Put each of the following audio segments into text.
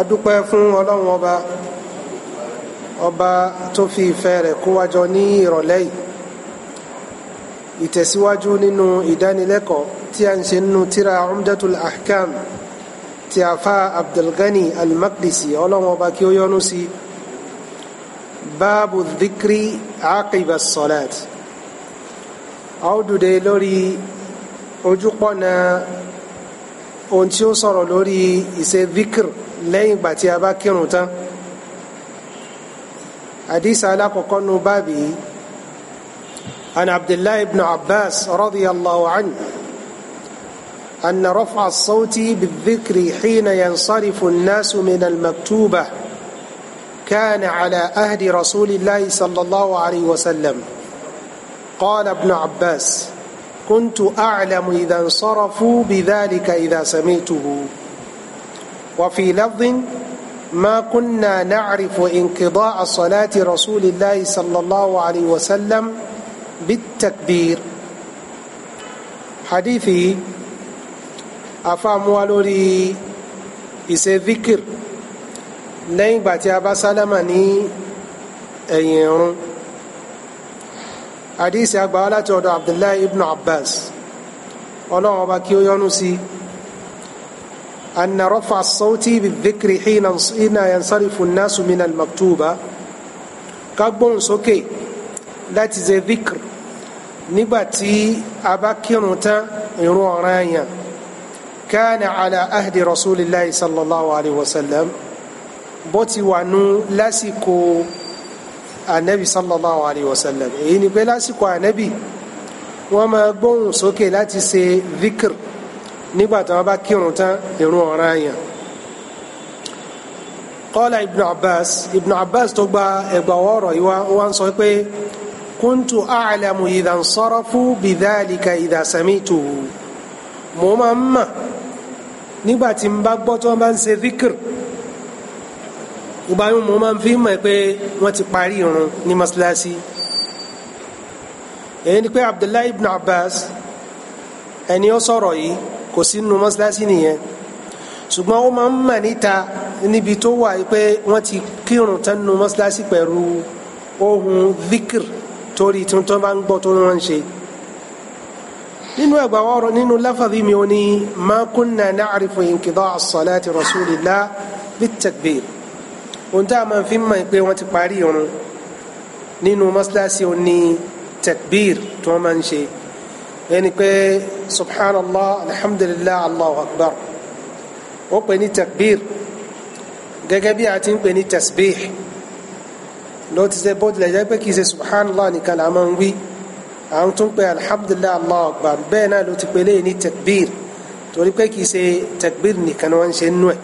adúpẹ́ fún ọlọ́run ọba ọba tó fi ìfẹ́ rẹ̀ kó wájọ ní ìrọ̀lẹ́ yìí ìtẹ̀síwájú nínú ìdánilẹ́kọ̀ọ́ tí a ń ṣe nínú tíra umdatul ahkam ti afa abdulgani almakdisi ọlọ́run ọba kí ó yọ́nú sí báàbù dhikri aqiba salat a ó dùde lórí ojúpọ̀nà ohun tí ó sọ̀rọ̀ lórí ìṣe dhikr lẹ́yìn ìgbà tí a bá kírun tán hadith alákọ̀ọ́kọ́ nu báàbí an abdullahi ibn abbas radiyallahu anhu أن رفع الصوت بالذكر حين ينصرف الناس من المكتوبة كان على أهد رسول الله صلى الله عليه وسلم قال ابن عباس كنت أعلم إذا انصرفوا بذلك إذا سمعته وفي لفظ ما كنا نعرف انقضاء صلاة رسول الله صلى الله عليه وسلم بالتكبير حديثي أفهم ولوري إسي ذكر لين باتي أبا سلمني أيرون àdísì agbára láti ọ̀dọ̀ abdullahi ibn abbas ọlọ́run ọba kí ó yọ́nú sí anna rafa sauti bi dhikri hina yansarifu nasu min almaktuba ká gbóhùn sókè láti ṣe dhikr nígbà a bá kírun tán ìrun ọ̀ranyàn كان على عهد رسول الله صلى الله عليه وسلم بوتي وانو لاسيكو anabi sallallahu alayhi wa sallam èyí ni pé lásìkò anabi wọ́n máa gbóhùn sókè láti ṣe vikir nígbà tí wọ́n bá kírun tán ìrun ọ̀ranyàn. qala ibn abbas ibn abbas tó gba ẹgbà ọ̀rọ̀ yìí wá ń sọ pé kuntu a'lamu idha ansarafu bidhalika idha samituhu mo máa ń mà nígbà tí bá gbọ́ tí wọ́n bá ń ṣe vikir ìgbà yín mo máa ń fi mọ̀ pé wọ́n ti parí irun ní mọ́ṣáláṣí èyí ni pé Abdullahi ibn Abbas ẹni ó sọ̀rọ̀ yìí kò sí nínú mọ́ṣáláṣí nìyẹn ṣùgbọ́n ó máa ń mọ̀ níta níbi tó wà pé wọ́n ti kírun tán nínú mọ́ṣáláṣí pẹ̀lú ohun dhikr torí tuntun bá ń gbọ́ tó wọ́n ń ṣe nínú ẹgbà ọ̀rọ̀ nínú láfàbí mi ò ní ma kunna na'rifu inqida as-salati rasulillah bit-takbir ohun tá a máa fi mọ̀ pé wọ́n ti parí irun nínú mọ́ṣáláṣí ó ní takbir tí wọ́n máa ń ṣe ẹni pé subhanallah alhamdulillah allahu akbar ó pè ní takbir gẹ́gẹ́ bí a ti ń pè ní tasbih ló ti ṣe bó tilẹ̀ jẹ́ pé kì í ṣe subhanallah nìkan là máa ń wí àwọn tún pé alhamdulillah allahu akbar bẹ́ẹ̀ náà ló ti pè léyìn ní takbir torí pé kì í ṣe takbir nìkan wọ́n ń ṣe nú ẹ̀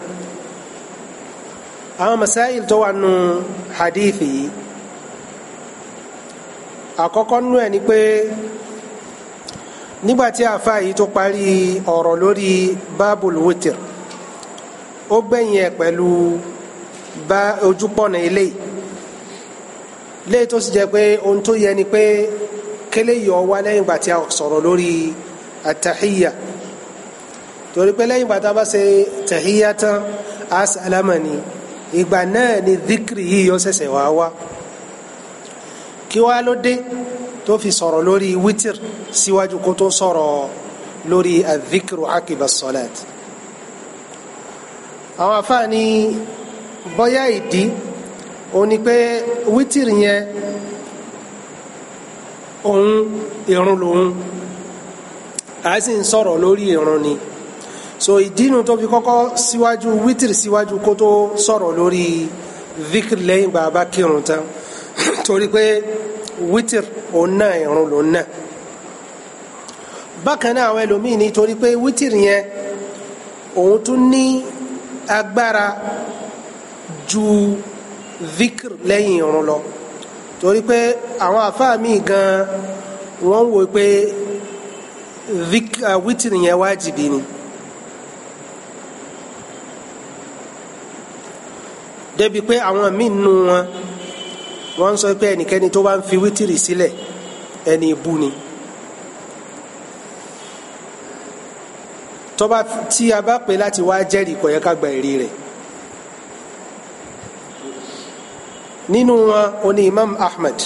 àwọn masáyìl tó wà nù hadithi yìí àkọ́kọ́ nú ẹ̀ ni pé nígbàtí àfa yìí tó parí ọ̀rọ̀ lórí báàbùl wítìr ó gbẹ̀yìn ẹ̀ pẹ̀lú bá ojúpọ̀nà ilé léyìí tó sì jẹ́ pé ohun tó yẹ ni pé kélé yọ wá lẹ́yìn ìgbà tí a sọ̀rọ̀ lórí àtàhíyà torí pé lẹ́yìn ìgbà tá a bá ṣe tàhíyà tán a sàlámà ni ìgbà náà ni díkìrì yìí yọ ṣẹ̀ṣẹ̀ wá wá kí wá ló dé tó fi sọ̀rọ̀ lórí wítìr síwájú kó tó sọ̀rọ̀ lórí àdíkìrì àkìbà sọ̀láàtì àwọn afáàní bọ́yá ìdí òun ni pé wítìrì yẹn òun ìrun lòun àá ń sọ̀rọ̀ lórí ìrun ni so ìdínú tó fi kọ́kọ́ síwájú wítìrì síwájú kó tó sọ̀rọ̀ lórí vikir lẹ́yìn bàbá kírun tán torí pé wítìrì òun náà ìrun lòun náà bákan náà àwọn ẹlòmíín ní torí pé wítìrì yẹn òun tún ní agbára ju vikir lẹ́yìn ìrun lọ torí pé àwọn àfáà míì gan wọ́n ń wò pé wítìrì yẹn wájibì ni. débi pé àwọn míì nù wọn wọ́n sọ pé ẹnikẹ́ni tó bá ń fi wítìrì sílẹ̀ ẹni ibú ni. tọ́ba tí a bá pè láti wá jẹ́rìí kò yẹ ká gba ẹ̀rí rẹ̀ nínú wọn ó ní Imam Ahmed.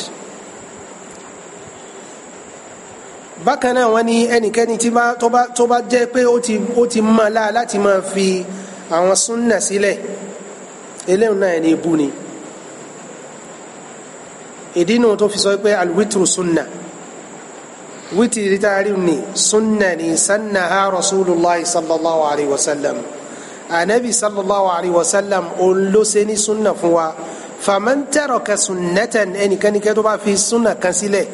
bákan náà wọ́n ní ẹnikẹ́ni tó bá jẹ́ pé ó ti mọ̀ láà láti máa fi àwọn súnnà sílẹ̀. Si eléyìí náà ẹni ibú ni ìdí nu tó fi sọ pé alwitru sunna wítìrì tá a rí ni sunna ni sanna ha rasulillah sallallahu alayhi wa sallam anabi sallallahu alayhi wa sallam olóse ní sunna fún wa faman taraka sunnatan ẹnikẹ́nikẹ́ tó bá fi sunna kan sílẹ̀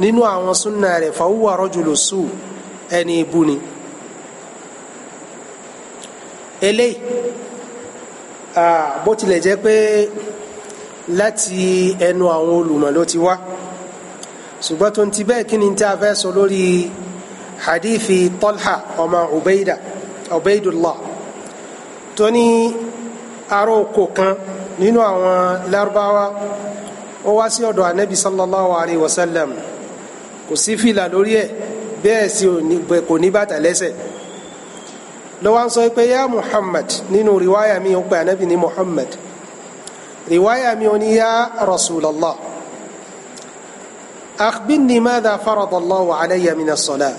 nínú àwọn sunna rẹ̀ fahuwa rajulu su ẹni ibú ni eléyìí bó tilẹ̀ jẹ́ pé láti ẹnu àwọn olùmọ̀ ló ti wá ṣùgbọ́n tó ń ti bẹ́ẹ̀ kí ni tí a fẹ́ sọ lórí hadithi Talha ọmọ Ubaida Ubaidullah tó ní aróko kan nínú àwọn Lárúbáwá ó wá sí ọ̀dọ̀ anabi sallallahu alayhi wa sallam kò sí fìlà lórí ẹ̀ bẹ́ẹ̀ sì kò ní bàtà lẹ́sẹ̀ lọ́wọ́ ń sọ pé yá Muhammad nínú riwaya mi ò pé anabi ní Muhammad riwaya mi ò ní yá Rasulallah akhbirni madha faradallahu alayya min as-salat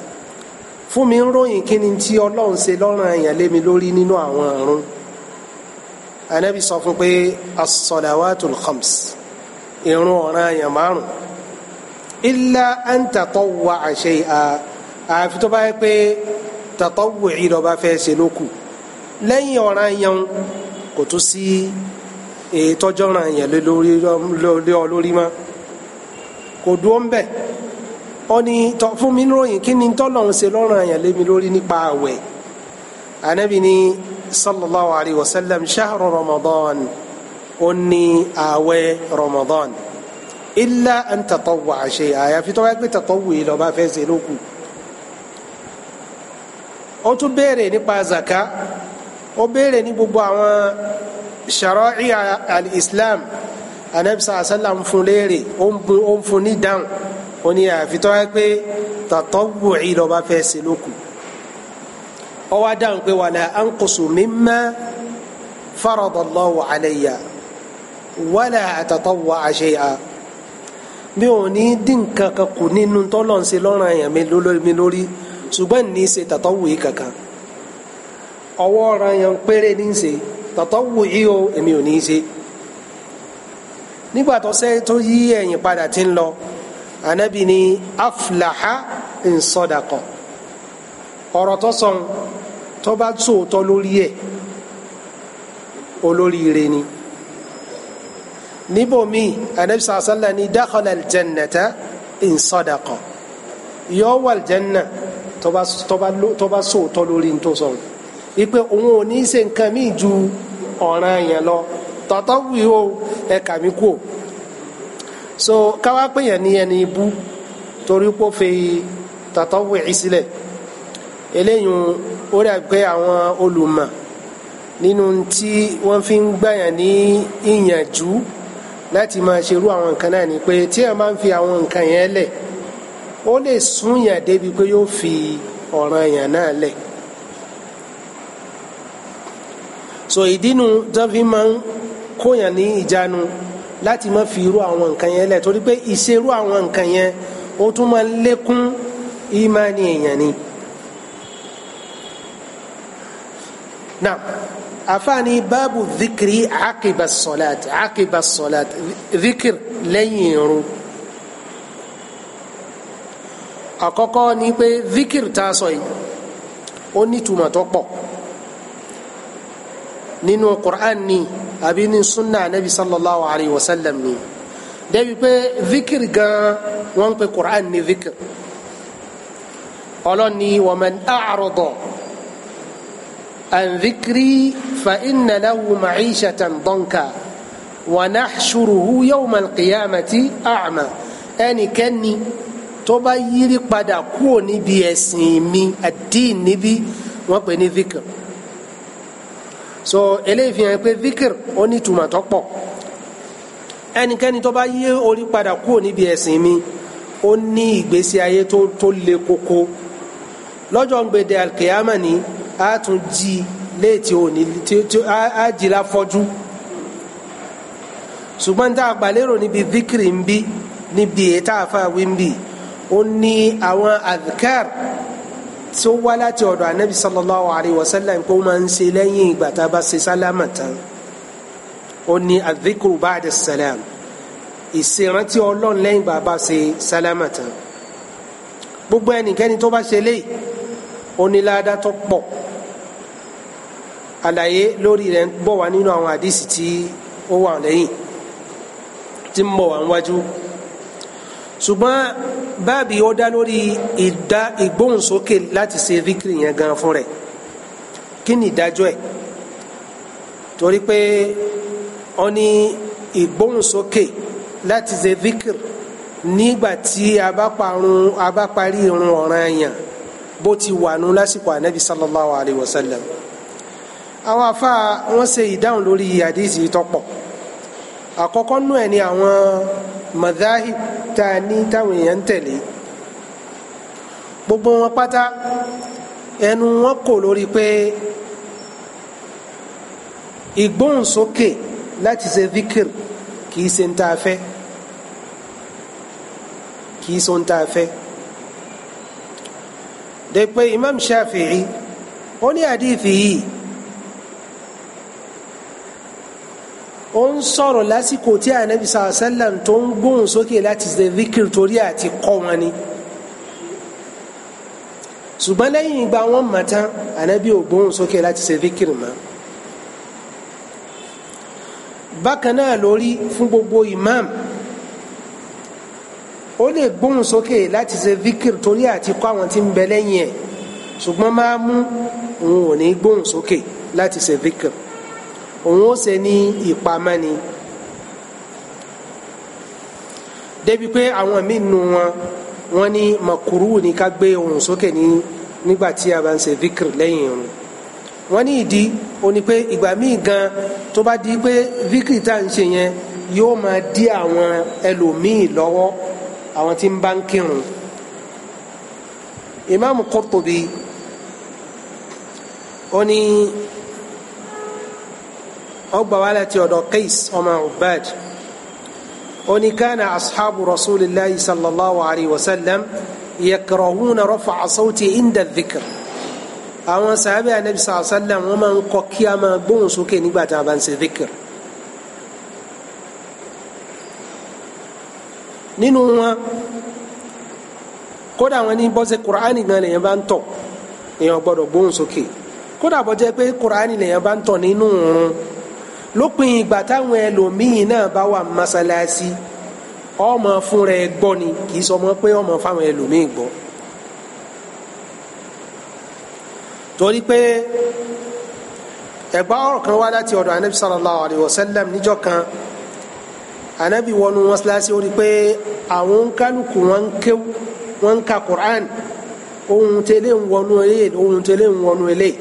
fún mi ń ròyìn kí ni tí ọlọ́run ṣe lọ́rùn èèyàn lé mi lórí nínú àwọn àrùn anabi sọ fún pé as khams ìrun ọ̀ràn èèyàn márùn illa an tatawwa shay'a àfi tó bá yẹ pé tatawu'i lọ́ba fẹ́ ṣe ló kù lẹ́yìn ọ̀ràn yẹn kò tún sí ètòjọ́ ọ̀ràn yẹn lórí lórí mọ́ kò dúró ń bẹ̀ ó ní fún mi ròyìn kí ni tọ́lọ́run ṣe lọ́ràn yẹn lémi lórí nípa àwẹ̀ anabi ni sallallahu alayhi wa sallam shahru ramadan ó ní ramadan illa an tatawwa shay'a àyàfi tó bá gbé tatawu'i lọ́ba fẹ́ ṣe ló ó tún béèrè nípa zaka ó béèrè ní gbogbo àwọn sharọ́ì al-islam anabisa asala ń fún léèrè ó ń fún ní dáhùn ó ní àfitọ́ ẹ pé tàtọ́wù ìlọba fẹ́ ṣe lókun ó wá dáhùn pé wàlà anqusu mimma faradallahu alayya wàlà àtàtọ́wù shay'a mi ò ní dín kankan kù nínú tọ́lọ̀ ń ṣe lọ́rùn àyàn mi lórí ṣùgbọ́n ní í ṣe tàtọ́wù yìí kankan ọwọ́ ọ̀ràn yẹn péré ní í ṣe tàtọ́wù yìí o èmi ò ní í ṣe nígbà tó ṣe tó yí ẹ̀yìn padà ti ń lọ ànábì ní aflaha nsọdakọ ọ̀rọ̀ tó sọ tó bá sòótọ́ lórí ẹ̀ olóríire ni níbòmí ànábì sàásánlá ní dakhala aljannata nsọdakọ yọ wà aljanna tọ́ba sóòótọ́ lórí ní tó sọ̀rọ̀ wípé òun ò ní í nǹkan míì ju ọ̀ràn yẹn lọ tọ́tọ́ wí o ẹ̀ka mi kú so káwá pé yẹn ní ẹni ibú torí pé ó fi tọ́tọ́ wìí sílẹ̀ eléyìí ó dà pé àwọn olùmọ̀ nínú tí wọ́n fi ń gbàyàn ní ìyànjú láti máa ṣerú àwọn nǹkan náà ni pé tí ẹ máa ń fi àwọn nǹkan yẹn lẹ̀ ó lè súnyàn débi pé yóò fi ọ̀ràn yàn náà lẹ̀ so ìdínú tó fi máa ń kóyàn ní ìjánu láti má fi irú àwọn nǹkan yẹn lẹ̀ torí pé ìṣerú àwọn nǹkan yẹn ó tún máa ń lékún ìmánì èèyàn ni. na afaani báàbù dhikri akiba solat akiba solat dhikr lẹ́yìn irun àkọ́kọ́ ni pé zikir tá a sọ yìí ó ní ìtumọ̀ tó pọ̀ nínú Qur'an ni àbí ní sunna anabi sallallahu alayhi wa sallam ni débi pé zikir gan wọ́n pè Qur'an ní zikir ọlọ́ni wa man a'rada an zikiri fa inna lahu ma'ishatan danka wa nahshuruhu yawma al-qiyamati ẹnikẹ́ni tó bá yírí padà kúrò níbi ẹ̀sìn mi àdín níbi wọ́n pè ní vikir so eléyìí fi hàn pé vikir ó ní ìtumọ̀ tó pọ̀ ẹnikẹ́ni tó bá yí orí padà kúrò níbi ẹ̀sìn mi ó ní ìgbésí ayé tó tó le koko lọ́jọ́ gbèdé alkiyama ni a tún jí léètì òní tí a jí la fọ́jú ṣùgbọ́n tá a gbà lérò níbi vikir ń bí níbi èyí tá a fà wí ń bí ó ní àwọn adhkar tí ó wá láti ọ̀dọ̀ anabi sallallahu alayhi wa sallam pé ó máa ń ṣe lẹ́yìn ìgbà tá a bá ṣe sálámà tán ó ní adhikru ba'da salam ìṣèrántí ọlọ́run lẹ́yìn ìgbà bá ṣe sálámà tán gbogbo ẹnikẹ́ni tó bá ṣe léyìí ó ní ládàá tó pọ̀ àlàyé lórí rẹ̀ bọ̀ wá nínú àwọn àdìsí tí ó wà lẹ́yìn tí ń bọ̀ wá níwájú ṣùgbọ́n báàbí ó dá lórí ìdá ìgbóhùnsókè láti ṣe zikiri yẹn gan fún rẹ̀ kí ni ìdájọ́ ẹ̀ torí pé ó ní ìgbóhùnsókè láti ṣe zikiri nígbà tí a bá parun a bá parí irun ọ̀ranyàn bó ti wà nù lásìkò ànábi sallallahu alayhi wa sallam àwọn afa wọn ṣe ìdáhùn lórí àdéhìí tó pọ̀ àkọ́kọ́ nù ẹ̀ ni àwọn madhahib tá a ní táwọn èèyàn ń tẹ̀lé gbogbo wọn pátá ẹnu wọn kò lórí pé ìgbóhùnsókè láti ṣe zikir kì í ṣe ń tá kì í ṣe ń tá de pé imam shafi'i ó ní àdìfì yìí. ó ń sọ̀rọ̀ lásìkò tí ànábì sàlám tó ń gbóhùn sókè láti ṣe zikir torí àti kọ́ wọn ni ṣùgbọ́n lẹ́yìn ìgbà wọn mọ̀ tán ànábì ò gbóhùn sókè láti ṣe zikir mọ́ bákan náà lórí fún gbogbo imam ó lè gbóhùn sókè láti ṣe zikir torí àti kọ́ àwọn tí ń bẹ lẹ́yìn ẹ̀ ṣùgbọ́n máa mú òun ò ní gbóhùn sókè láti ṣe zikir òun ó ṣe ní ìpamọ́ ni débi pé àwọn míì nu wọn wọn ní makuru ni ká gbé ohùn sókè ní nígbà tí a bá ń ṣe vikiri lẹ́yìn irun wọn ní ìdí o ní pé ìgbà míì gan tó bá di pé vikiri tá à ń ṣe yẹn yóò máa dí àwọn ẹlòmíì lọ́wọ́ àwọn tí ń bá ń kírun imaamu Qurtubi ó ní ọgbà wa láti ọ̀dọ̀ Qais ọmọ Ubad oni kana ashabu rasulillahi sallallahu alayhi wa sallam yakrahuna rafa'a sawti inda dhikr àwọn sàábẹ́ anabi sallallahu alayhi wa sallam wọ́n máa ń kọ̀ kí a máa gbóhùn sókè nígbà tá a bá ń ṣe dhikr. nínú wọn kódà wọn ní bọ́sẹ̀ kùránì gan lèyàn bá ń tọ̀ èèyàn gbọ́dọ̀ gbóhùn sókè kódà bọ́jẹ́ pé kùránì lèyàn bá ń tọ̀ nínú òun lópin ìgbà táwọn ẹlòmíín náà bá wà mọ́sálásí ọmọ fúnra ẹ gbọ́ ni kì í sọ mọ́ pé ọmọ fáwọn ẹlòmíín gbọ́ torí pé ẹ̀gbá ọ̀rọ̀ kan wá láti ọ̀dọ̀ anabi sallallahu alayhi wa sallam níjọ́ kan anabi wọnú mọ́sálásí ó rí pé àwọn kálukú wọn ń wọn ka Qur'an ohun tẹ́lẹ̀ ń wọnú eléyìí ohun tẹ́lẹ̀ ń wọnú eléyìí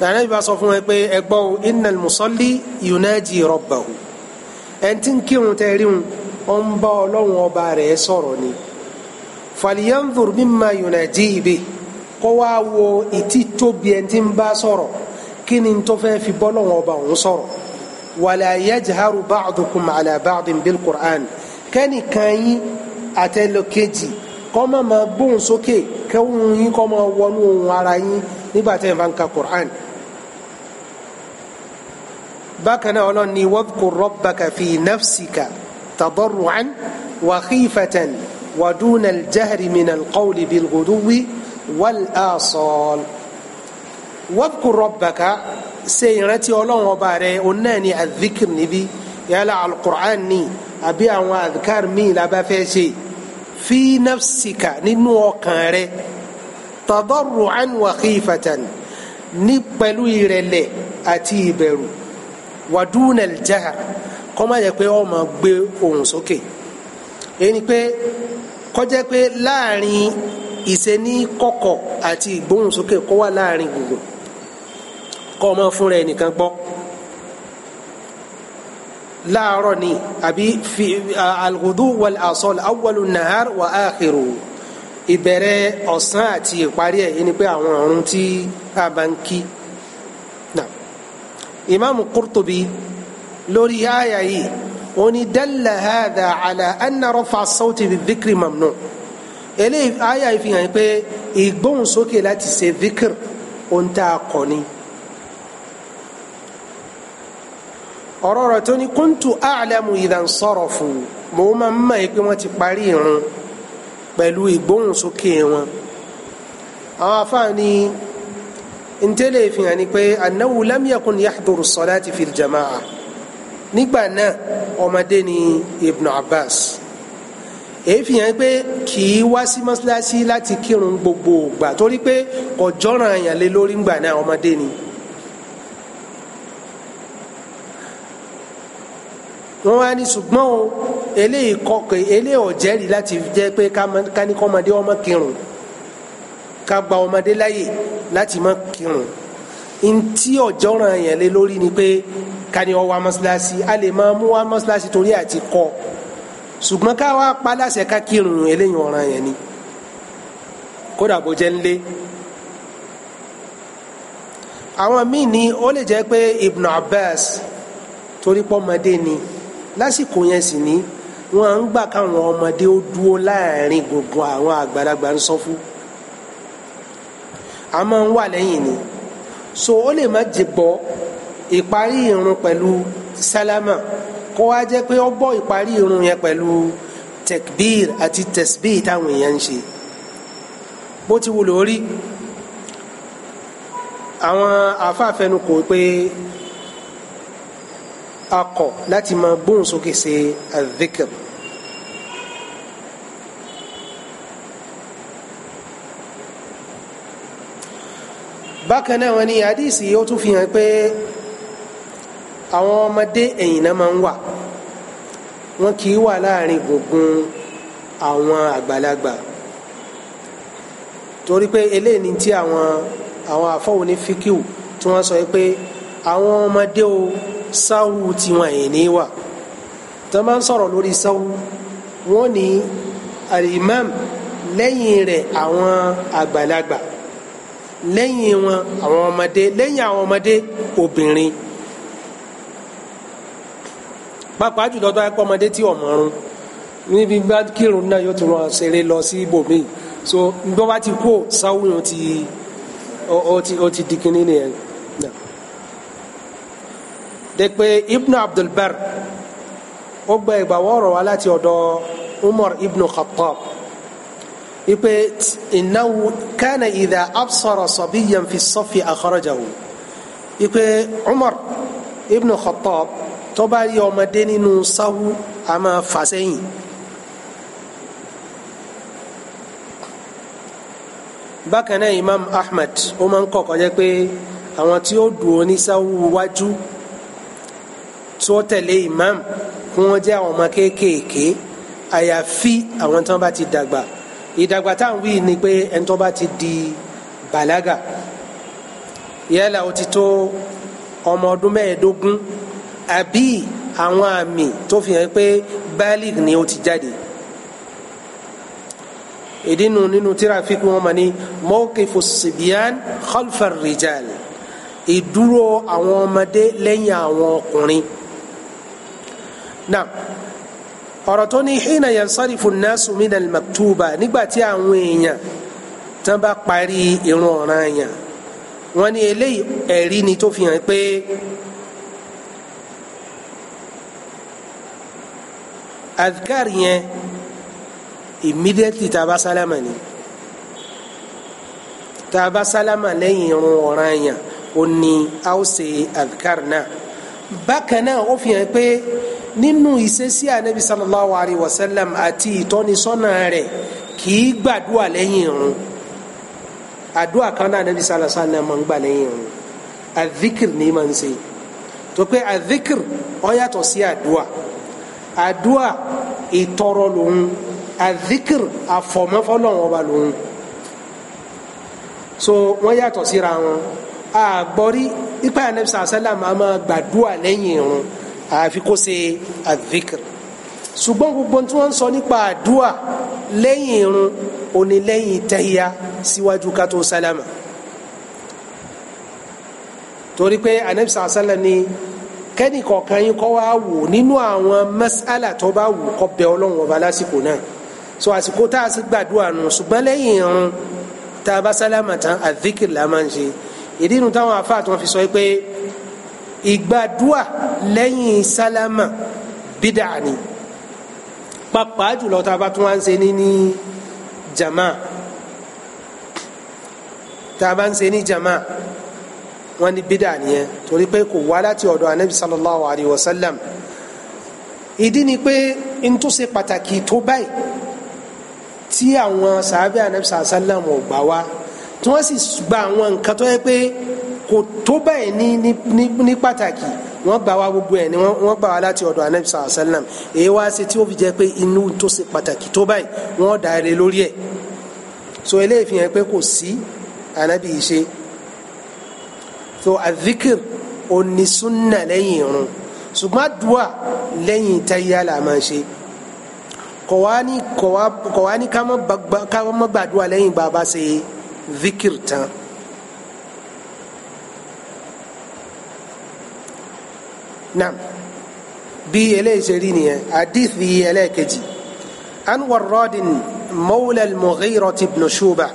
nàní bá sọ fún ẹ pé ẹ gbọ́ o innal musalli yunaji rabbahu ẹ ti ń kírun tẹ́ rí un ó ń bá ọlọ́run ọba rẹ̀ sọ̀rọ̀ ni falyanzur mimma yunaji bi kó wá wo ìtì tóbi ẹ ti ń bá sọ̀rọ̀ kí ni tó fẹ́ fi bọ́lọ́run ọba òun sọ̀rọ̀ wala yajharu ba'dukum ala ba'din bil qur'an kẹ́nìkan yín àtẹlókejì kọ́ máa gbóhùn sókè kẹ́hùn yín kọ́ wọnú ohun ara yín nígbà tẹ́ ẹ̀ bá ń ka qur'an bákan náà ọlọ́run ní wadhkur rabbaka fi nafsika tadarru'an wa khifatan wa duna al-jahri mina al-qawli bil-ghuduwwi wal-asal wadhkur rabbaka ṣe ìrántí ọlọ́run ọba rẹ òun náà ní adhikr yálà al-Qur'an àbí àwọn adhikar míì lábáfẹ́ ṣe fi nafsika nínú ọkàn rẹ tadarru'an wa khifatan ní pẹ̀lú ìrẹ̀lẹ̀ àti ìbẹ̀rù wàdúnẹ̀lì jahar kọ́ má yẹ pé ó máa gbé ohùn sókè èyí ni pé kó jẹ́ pé láàrin ìṣẹ́ní kọ̀kọ̀ àti ìgbóhùnsókè kó wà láàrin gbogbo kó má fúnra ẹnìkan gbọ́ láàárọ̀ ni àbí fi alghudu wal asal awwalu nahar wa akhiru ìbẹ̀rẹ̀ ọ̀sán àti ìparí ẹ̀ yìí ni pé àwọn ọ̀run tí a bá ń kí ìmáàmù Qurtubi lórí àyà yìí ó ní dalla hadha ala anna rafa sawti bidhikri mamnu eléyìí àyà yìí fi hàn pé ìgbóhùnsókè láti ṣe dhikr ó ń tà kọ́ni. ọ̀rọ̀ rẹ̀ tó ní kúntù àlẹ́mù ìdánsọ̀rọ̀fù mo máa ń mọ̀ ẹ́ pé wọ́n ti parí irun pẹ̀lú ìgbóhùnsókè wọn. àwọn afáàní ntẹ́lẹ̀ fi hàn ní pé annahu lam yakun yahduru salati fil jama'a nígbà náà ọmọdé ni ibn abbas èyí fi hàn pé kì í wá sí mọ́sálásí láti kírun gbogbo ògbà torí pé kò jọ́ràn àyàn lé lórí ńgbà náà ọmọdé ni. wọ́n wá ní ṣùgbọ́n o eléyìí kọ́ eléyìí ọ̀jẹ́rìí láti jẹ́ pé ká ọmọ kírun ká gba ọmọdé láyè láti má kírun ntí ọjọ́ràn yẹn lé lórí ni pé ká ní ó wá mọ́sálásí a lè máa mú wá mọ́sálásí torí àti kọ́ ṣùgbọ́n ká wá paláṣẹ ká kírun eléyìí ọ̀ràn yẹn ni kódà bó jẹ́ ńlé àwọn míì ní ó lè jẹ́ pé Ibn Abbas torí pọ́mọdé ni lásìkò yẹn sì ní wọ́n à ń gbà káwọn ọmọdé ó dúró láàrin gbogbo àwọn àgbàlagbà ń sọ fún a máa ń wà lẹ́yìn ni so ó lè má jẹ bọ́ ìparí irun pẹ̀lú sálámà kó wá jẹ́ pé ó gbọ́ ìparí irun yẹn pẹ̀lú tekbir àti tesbih táwọn èèyàn ń ṣe bó ti wù lórí àwọn afáfẹnukò pé akọ láti máa gbóhùn sókè ṣe àdìkẹ̀bù. bákan náà wọn ni àdìsí ó tún fi hàn pé àwọn ọmọdé ẹ̀yìn náà máa ń wà wọn kì í wà láàrin gbùngbùn àwọn àgbàlagbà torí pé eléyìí ni ti àwọn àwọn àfọwò ní fíkìwù tí wọ́n sọ pé àwọn ọmọdé o sáwù tiwọn ẹ̀yìn ní wà tó máa ń sọ̀rọ̀ lórí sáwù wọ́n ní alimam lẹ́yìn rẹ̀ àwọn àgbàlagbà lẹ́yìn wọn àwọn ọmọdé lẹ́yìn àwọn ọmọdé obìnrin pàápàá jùlọ tó ẹkọ ọmọdé tí ọmọrun níbi bá kírun náà yóò tún lọ ṣeré lọ sí ibòmíì so gbọ́n bá ti kó sáwùrún ti ó ti di kínní nìyẹn náà. de pé Ibn Abdul Barr ó gba ìgbà wọ́ọ̀rọ̀ wa láti ọ̀dọ̀ Umar Ibn Khattab ipe ìnáwó kánà ìdá absara sabiyan fi sọ́fì akhrajahu ipe Umar ibn Khattab tó bá rí ọmọdé nínú sáwù a máa fà sẹ́yìn. bákan náà imam ahmed ó máa ń kọ́kọ́ jẹ́ pé àwọn tí ó dùn ó ní sáwù wájú tí ó tẹ̀lé imam kí wọ́n jẹ́ àwọn ọmọ kéékèèké àyàfi àwọn tí wọ́n bá ti dàgbà ìdàgbà tá à ń wí ni pé ẹni tó bá ti di bàlágà yálà ó ti tó ọmọ ọdún mẹ́ẹ̀ẹ́dógún àbí àwọn àmì tó fi hàn pé balig ni ó ti jáde ìdínú nínú tirafiki wọn ma ní mọ́kìfù sibiyan khalfar rijal ìdúró àwọn ọmọdé lẹ́yìn àwọn ọkùnrin náà ọ̀rọ̀ tó ní hina yansarifu nasu minal maktuba nígbà tí àwọn èèyàn tán bá parí irun ọ̀ràn yẹn wọ́n ní eléyìí ẹ̀rí ni tó fi hàn pé adhkar yẹn immediately tá a bá sálámà ni tá a bá sálámà lẹ́yìn irun ọ̀ràn yẹn ó ní a ó ṣe adhkar náà bákan náà ó fi hàn pé nínú ìṣesí anabi sallallahu alayhi wa sallam àti ìtọ́nisọ́nà rẹ̀ kì í gbàdúrà lẹ́yìn irun àdúrà kan náà anabi sallallahu alayhi wa sallam máa ń gbà lẹ́yìn irun adhikir ni máa ń ṣe tó pé adhikir ó yàtọ̀ sí àdúrà àdúrà ìtọrọ lòun adhikir àfọ̀mọ́fọ́lọ́wọ́n lòun so wọ́n yàtọ̀ síra wọn àgbọ́rí ipa anabi sàlám a máa gbàdúrà lẹ́yìn irun àfi kó ṣe àdìkìrì ṣùgbọ́n gbogbo tí wọ́n ń sọ nípa àdúrà lẹ́yìn irun òní lẹ́yìn tẹ́yà síwájú ká tó sálámà torí pé anabi sàlám ni kẹ́nì kọ̀ọ̀kan yín kọ́ wá wò nínú àwọn mẹ́sàlá tó bá wù kọ́ bẹ ọlọ́run ọba lásìkò náà so àsìkò tá a sì gbàdúrà nù ṣùgbọ́n lẹ́yìn irun tá a bá sálámà tán àdìkìrì la máa ń ṣe ìdínú táwọn afáà tí wọn fi sọ pé ìgbàdúà lẹ́yìn sálámà bídà ni pàápàá jùlọ tá a bá tún wá ń ṣe ní ní jama tá a bá ń ṣe ní jama wọn ní bídà nìyẹn torí pé kò wá láti ọ̀dọ̀ anabi sallallahu alayhi wa sallam ìdí ni pé n pàtàkì tó báyìí tí àwọn sàábẹ́ anabi sallallahu alayhi wa sallam ò gbà wá tí wọ́n sì gba àwọn nǹkan tó yẹ pé kò tó báyìí ní ní ní pàtàkì wọ́n gbà wá gbogbo ẹ̀ ni wọ́n gbà wá láti ọ̀dọ̀ anabi sallallahu alayhi wa sallam èyí wá ṣe tí ó fi jẹ́ pé inú tó ṣe pàtàkì tó báyìí wọ́n dá ire lórí ẹ̀ so eléyìí fi hàn pé kò sí anabi yìí ṣe so azikir oni sunna lẹ́yìn irun ṣùgbọ́n àdúà lẹ́yìn tayya la máa ṣe kọ̀wá ní kọ̀wá kọ̀wá ní ká má gbàdúà lẹ́yìn bàbá ṣe é. ذكرت نعم بي إليه جريني حديث بي إليك جي عن وراد مولى المغيرة بن شوبة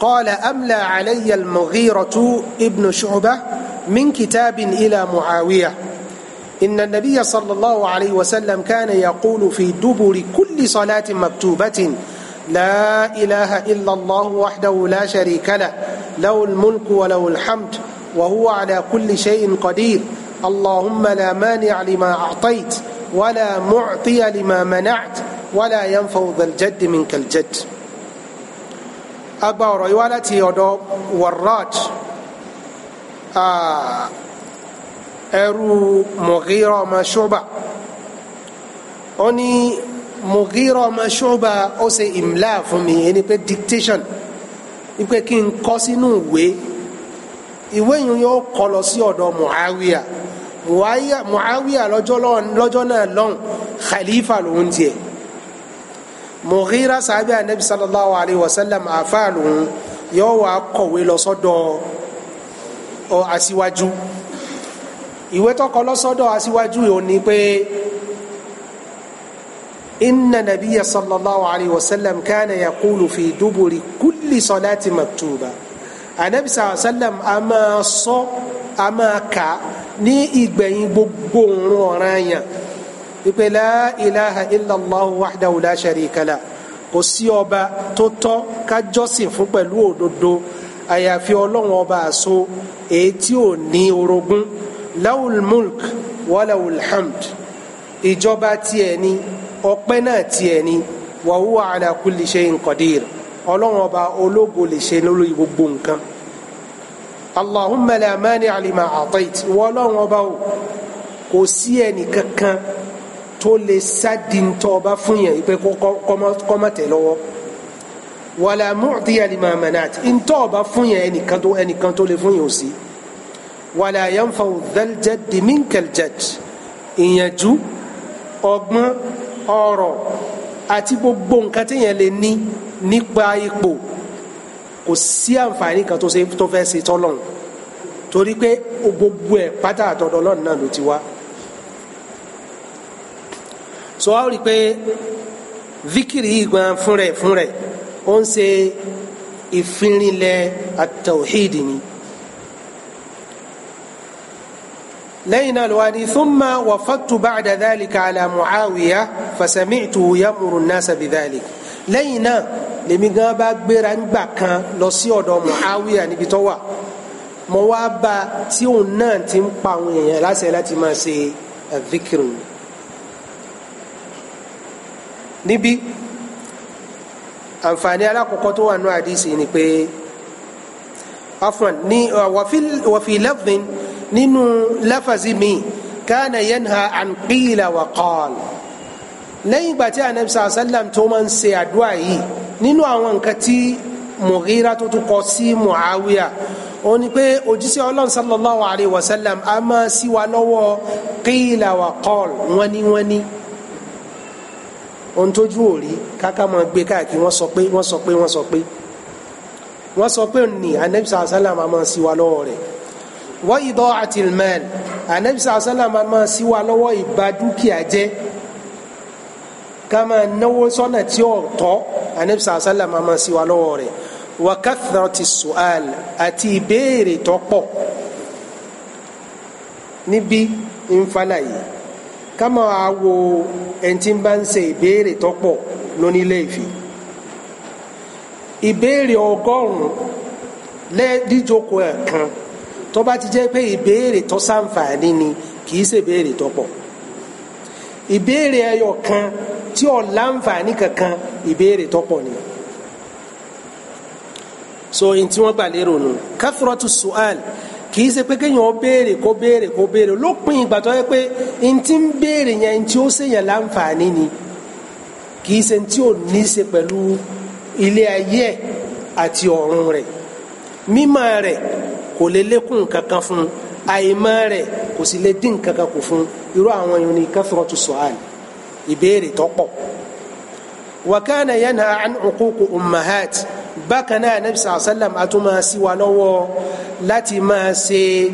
قال أملى علي المغيرة ابن شعبة من كتاب إلى معاوية إن النبي صلى الله عليه وسلم كان يقول في دبر كل صلاة مكتوبة لا إله إلا الله وحده لا شريك له له الملك وله الحمد وهو على كل شيء قدير اللهم لا مانع لما أعطيت ولا معطي لما منعت ولا ينفع ذا الجد منك الجد أبا ريوالتي يدو ورات آه، أرو مغيرة ما شعبة أني Mughira ọmọ Shu'ba ó ṣe ìmìlá fún mi ẹni pé dictation ipe kí n kọ sínú ìwé ìwé yìí yóò kọ lọ sí ọ̀dọ̀ Muawiya Muawiya lọ́jọ́ náà lọ́hùn khalifa lòun tiẹ̀ Mughira sábẹ́ anabi sallallahu alayhi wa sallam afa lòun yóò wá kọ̀wé lọ sọ́dọ̀ ọ aṣíwájú ìwé tó kọ lọ sọ́dọ̀ aṣíwájú yìí ó ní pé. إن نبي صلى الله عليه وسلم كان يقول في دبر كل صلاة مكتوبة النبي صلى الله عليه وسلم أما صو أما كا ni ìgbẹ̀yìn gbogbo òun ọ̀ràn yẹn wípé la ilaha illallah wahdahu la sharika la kò sí ọba tó tọ́ ká jọ́sìn fún pẹ̀lú òdodo àyàfi ọlọ́run ọba àso èyí tí ò ní orogún lawul mulk wa hamd ìjọba tiẹ̀ ni ọpẹ́ náà tiẹ̀ ni wa huwa ala kulli shay'in qadir ọlọ́run ọba ológo lè ṣe lórí gbogbo nǹkan allahumma la mani'a lima a'tayt wọ́n ọlọ́run ọba o kò sí ẹnì kankan tó lè sádìntọ́ ọba fún yẹn ìpè kọ́mọ̀tẹ̀ lọ́wọ́ wala mu'tiya lima mana'at ntọ́ ọba fún yẹn ẹnìkan tó lè fún yẹn ò sí wala yanfa'u dhal jaddi minkal jadd ọgbọ́n ọ̀rọ̀ àti gbogbo nǹkan téèyàn lè ní nípa ipò kò sí àǹfààní kan tó ṣe tó fẹ́ ṣe tọ́lọ́run torí pé gbogbo ẹ̀ pátá àtọ̀dọ̀ ọlọ́run náà ló ti wá so a rí i pé vikiri yìí gan fún rẹ̀ fún rẹ̀ ó ń ṣe ìfinrinlẹ̀ àtàwíìdì ni. lẹ́yìn náà wà ní thumma wafadtu ba'da dhalika ala Muawiya fasami'tu yamuru nasa bi dhalik lẹ́yìn náà lèmi gan bá gbéra ńgbà kan lọ sí ọ̀dọ̀ Muawiya níbi tó wà mo wá bá tí òun náà ti ń pa àwọn èèyàn láṣẹ láti máa ṣe àdìkìrì eh, níbí àǹfààní alákọ̀ọ́kọ́ tó wà ní àdìsí ni pé afran ní eh, wàfílẹ́fìn. Uh, nínú láfàzí mi kana yanha an qila wa qal lẹ́yìn ìgbà tí anabi sàlám tó máa ń ṣe àdúrà yìí nínú àwọn nǹkan tí Mughira tó tún kọ sí Muawiya ó ní pé òjíṣẹ́ ọlọ́run sallallahu alayhi wa sallam a máa ṣí wa lọ́wọ́ qila wa qal wani wani ohun tójú ò rí káká máa gbé káàkiri wọ́n sọ pé wọ́n sọ pé wọ́n sọ pé wọ́n sọ pé ní anabi sàlám a máa ṣí wa lọ́wọ́ rẹ̀ wa ida'atil mal anabi sàlá máa sí wa lọ́wọ́ ìba dúkìá jẹ́ ká máa náwó sọ́nà tí ó tọ́ anabi sàlá máa sí wa lọ́wọ́ rẹ̀ wa kathrati su'al àti ìbéèrè tó pọ̀ níbí nfàlà yìí ká máa wo ẹni tí ń bá ń ṣe ìbéèrè tó pọ̀ lónílé ìfì ìbéèrè ọgọ́rùn-ún lẹ́ẹ̀díjókòó ẹ̀kan. E tó bá ti jẹ́ pé ìbéèrè tó ṣàǹfààní ni kì í ṣe ìbéèrè tó pọ̀ ìbéèrè ẹyọ kan tí ò láǹfààní kankan ìbéèrè tó ni so n tí wọ́n gbà lérò nù káfúrọ́tù sual kì í ṣe pé kéèyàn béèrè kó béèrè kó béèrè lópin ìgbà tó yẹ pé n tí ń béèrè yẹn n tí ó ṣèyàn láǹfààní ni kì í ṣe n tí ò ní ṣe pẹ̀lú ilé ayé ẹ̀ àti ọ̀run rẹ̀ mímọ̀ rẹ̀ kò lè lékún kankan fún un àìmọ̀ rẹ̀ kò sì lè dín kankan kù fún un irú àwọn yìí ni kathratu su'al ìbéèrè tó pọ̀. wa kana yanha an uququ bákan náà anabi sallallahu alayhi wa sallam atúmọ̀ sí wa lọ́wọ́ láti máa ṣe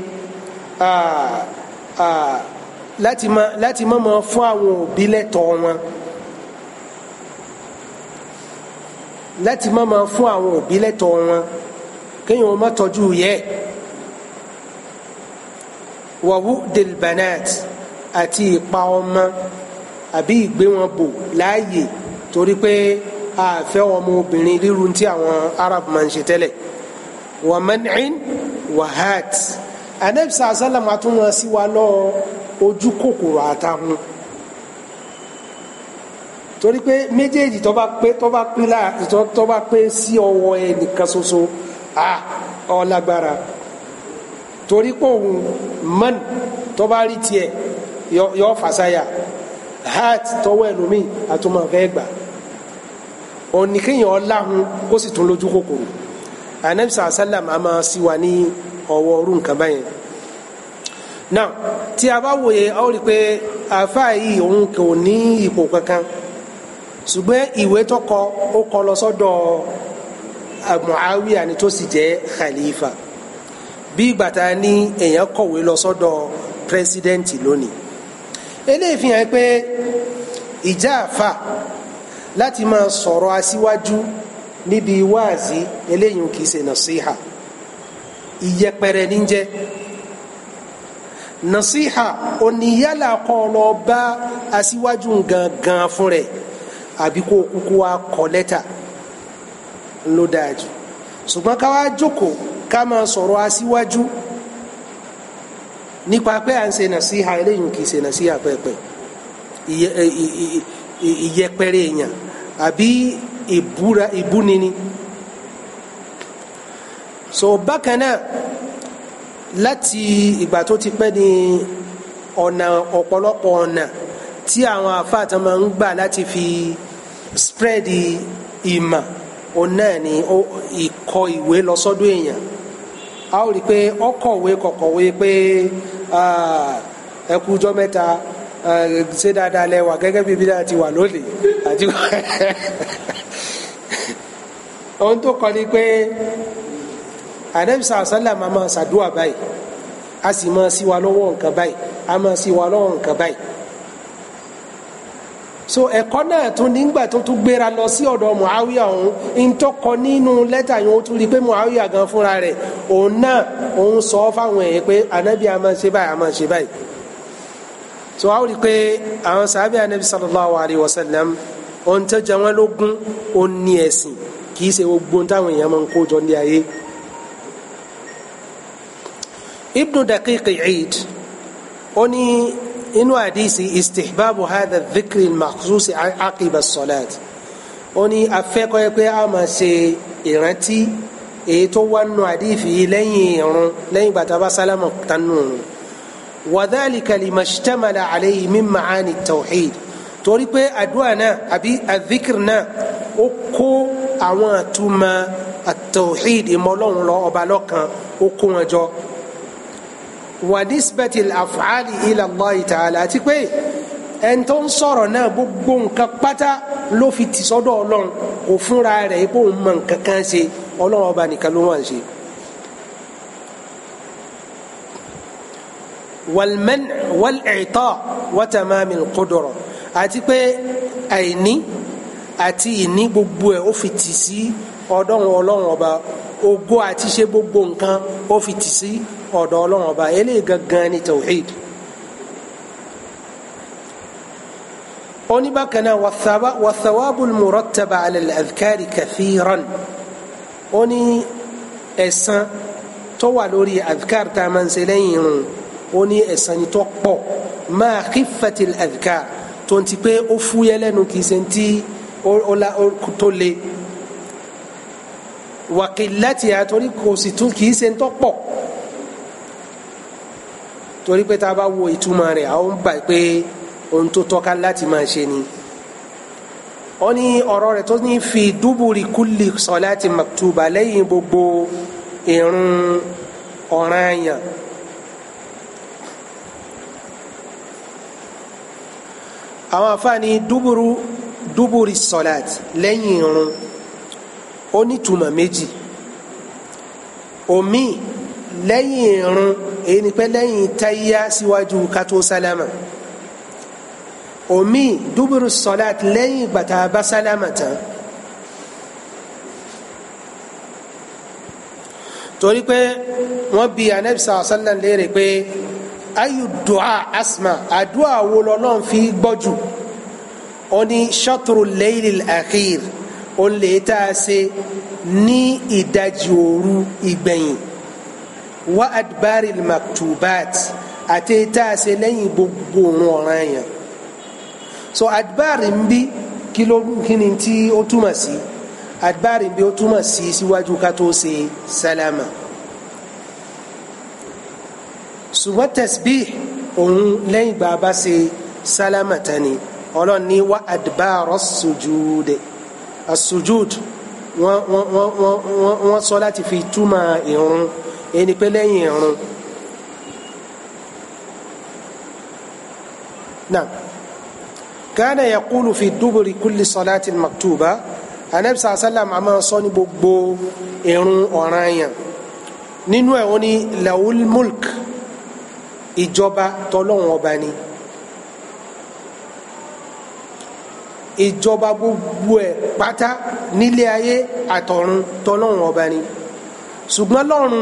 láti máa fún àwọn òbí lẹ́tọ̀ọ́ wọn. láti máa fún àwọn òbí lẹ́tọ̀ọ́ wọn kéèyàn má tọ́jú yẹ wàhú delbanat àti ìpa ọmọ àbí ìgbé wọn bò láàyè torí pé àfẹ́ ọmọ obìnrin ríru tí àwọn Arab máa ń ṣe tẹ́lẹ̀ wàmánìín wàhát anabisa asalama tún sí wa lọ ojú kòkòrò àtàwọn torí pé méjèèjì tó bá pé tó bá pín sí ọwọ́ ẹnìkan ṣoṣo. So, so a ọlágbára torí pé òun man tó bá rí tiẹ̀ yọ fàṣàyà heart tọwọ́ ẹlòmíì àtúmọ̀ fẹ́ gbà ònìkéyàn ọláhun kó sì tún lójú kòkòrò anabisa asalam a máa sí wa ní ọwọ́ orú nǹkan báyẹn now tí a bá wòye a ó rí i pé àáfàá yìí òun kò ní ipò kankan ṣùgbọ́n ìwé tó ó kọ lọ sọ́dọ̀ Muawiya ni tó sì jẹ́ khalifa bí gbàtà ní èèyàn kọ̀wé lọ sọ́dọ̀ pírẹsidẹ́ǹtì lónìí eléyìí fi hàn pé ìjà àfà láti máa sọ̀rọ̀ aṣíwájú níbi wáàzí eléyìí kì í ṣe nàṣíhà ìyẹpẹrẹ ní jẹ́ nàṣíhà oníyálà kọ́ lọ bá aṣíwájú gangan fún rẹ̀ àbí kó kúkú wa kọ lẹ́tà ló dáa jù ṣùgbọ́n ká wá jókòó ká máa sọ̀rọ̀ aṣíwájú nípa pé à ń ṣe nàṣíhà eléyìí kì í ṣe nàṣíhà pẹ́pẹ́ ìyẹpẹrẹ èèyàn àbí ìbúnini so bákan náà láti ìgbà tó ti pẹ́ ni ọ̀nà ọ̀pọ̀lọpọ̀ ọ̀nà tí àwọn àfáà máa ń gbà láti fi spread ìmọ̀. òun náà ni ìwé lọ èèyàn a ó rí i pé ọkọ̀wé kọ̀kọ̀wé pé ẹkùjọ́ mẹ́ta ṣé dáadáa lẹ́wà gẹ́gẹ́ bí ti wà lónìí àti ohun tó kọ ni pé anamisa asala máa ma ṣàdúrà báyìí a sì máa ṣí wa lọ́wọ́ nǹkan báyìí a máa ṣí wa lọ́wọ́ so ẹ̀kọ́ náà tún nígbà tó tún gbéra lọ sí ọ̀dọ̀ muawiya ọ̀hún ntọ́kọ nínú lẹ́tà yìí ó tún rí i pé muawiya gan fúnra rẹ̀ òun náà òun sọ fáwọn èèyàn pé anabi a ṣe báyìí a ṣe báyìí so a ó rí i pé àwọn sàábì anabi sallallahu alayhi wa sallam ohun tó jẹ wọn lógún ó ní ẹ̀sìn kì í ṣe gbogbo táwọn èèyàn máa ń kó jọ ní ayé ibnu daqiqi eid ó ní inú àdìsí istihbabu hadha dhikri al-makhsus aqiba as-salat ó ní afẹ́kọ́ yẹ pé a máa ṣe ìrántí èyí tó wá nù àdìsí lẹ́yìn ìrun lẹ́yìn gbàtà bá sálámù tánú ìrun wa dhalika limastamala alayhi min ma'ani at-tawhid torí pé àdúrà náà àbí adhikr náà ó kó àwọn àtúmọ̀ tawhid ìmọ̀ lọ ọba lọ́kan ó kó wọn jọ wà nísbẹ̀tì àfààní ila Allah ta'ala àti pé ẹni tó ń sọ̀rọ̀ náà gbogbo nǹkan pátá ló fi tì sọ́dọ̀ ọlọ́run kò fúnra rẹ̀ ipò ń mọ nǹkan kan ṣe ọlọ́run ọba nìkan ló wọ́n ṣe. wàlmẹ́n wàlẹ̀tọ́ wàtàmámi kúdọ̀rọ̀ àti pé àìní àti ìní gbogbo ẹ̀ ó fi tì sí ọdọ́run ọlọ́run ọba ògo àti ṣe gbogbo nǹkan ó fi tì sí ọ̀dọ̀ ọlọ́run ọba eléyìí gangan ni tawhid. oníbàkànnà wàthawabul murattaba ala al-adhkari kathiran ó ní ẹ̀san tó wà lórí adhkar tá a máa ń ṣe lẹ́yìn irun ó ní ẹ̀san ni tó pọ̀ máa khiffati al tó ń ti pé ó fúyẹ́ lẹ́nu kì í ṣe ti tó le wàkìlẹ́tì àtòrí kò sì tún kì í ṣe tó pọ̀ torí pé tá a bá wo ìtumọ̀ rẹ̀ àwọn bá pé ohun tó tọ́ka láti máa ṣe ni ó ní ọ̀rọ̀ rẹ̀ tó ní fi dúbúri kúlì sọ̀láti màktúbà lẹ́yìn gbogbo ìrun ọ̀ranyàn. àwọn afáàní dúbúrú dúbúri sọ̀láti lẹ́yìn ìrun ó nítumọ̀ méjì omi lẹ́yìn irun èyí ni pé lẹ́yìn táyà síwájú kátó sálámà omi dúbúrú sọláàtì lẹ́yìn ìgbà tá a bá sálámà tán torí pé wọ́n bi anabi sallallahu alaihi wasallam léèrè pé ayu dua asma àdúrà wo lọ́lọ́run fi gbọ́jù ó ní ṣọ́tùrù akhir ó lè tá a ṣe ní ìdajì òru wa adbari maktubat àti tá a ṣe lẹ́yìn gbogbo òun ọ̀ràn yẹn so adbari ń bí kí ló kí ni tí ó túmọ̀ sí adbari ń bí ó túmọ̀ sí síwájú ká tó ṣe sálámà ṣùgbọ́n tasbih òun lẹ́yìn gbà bá ṣe sálámà tani ọlọ́run ní wá adbara sujud asujud wọ́n wọ́n wọ́n wọ́n sọ láti fi túmọ̀ ìrun. E ẹni pé lẹ́yìn ìrun náà kana yaqulu fi duburi kulli salatin maktuba anabi sàlá sàlám àmà sọ ní gbogbo ìrun ọ̀ranyàn nínú ẹ̀ wọ́n ní lawul mulk ìjọba tọlọ́hun ọba ni ìjọba gbogbo ẹ̀ pátá nílé ayé àtọ̀run tọlọ́hun ọba ni ṣùgbọ́n lọ́run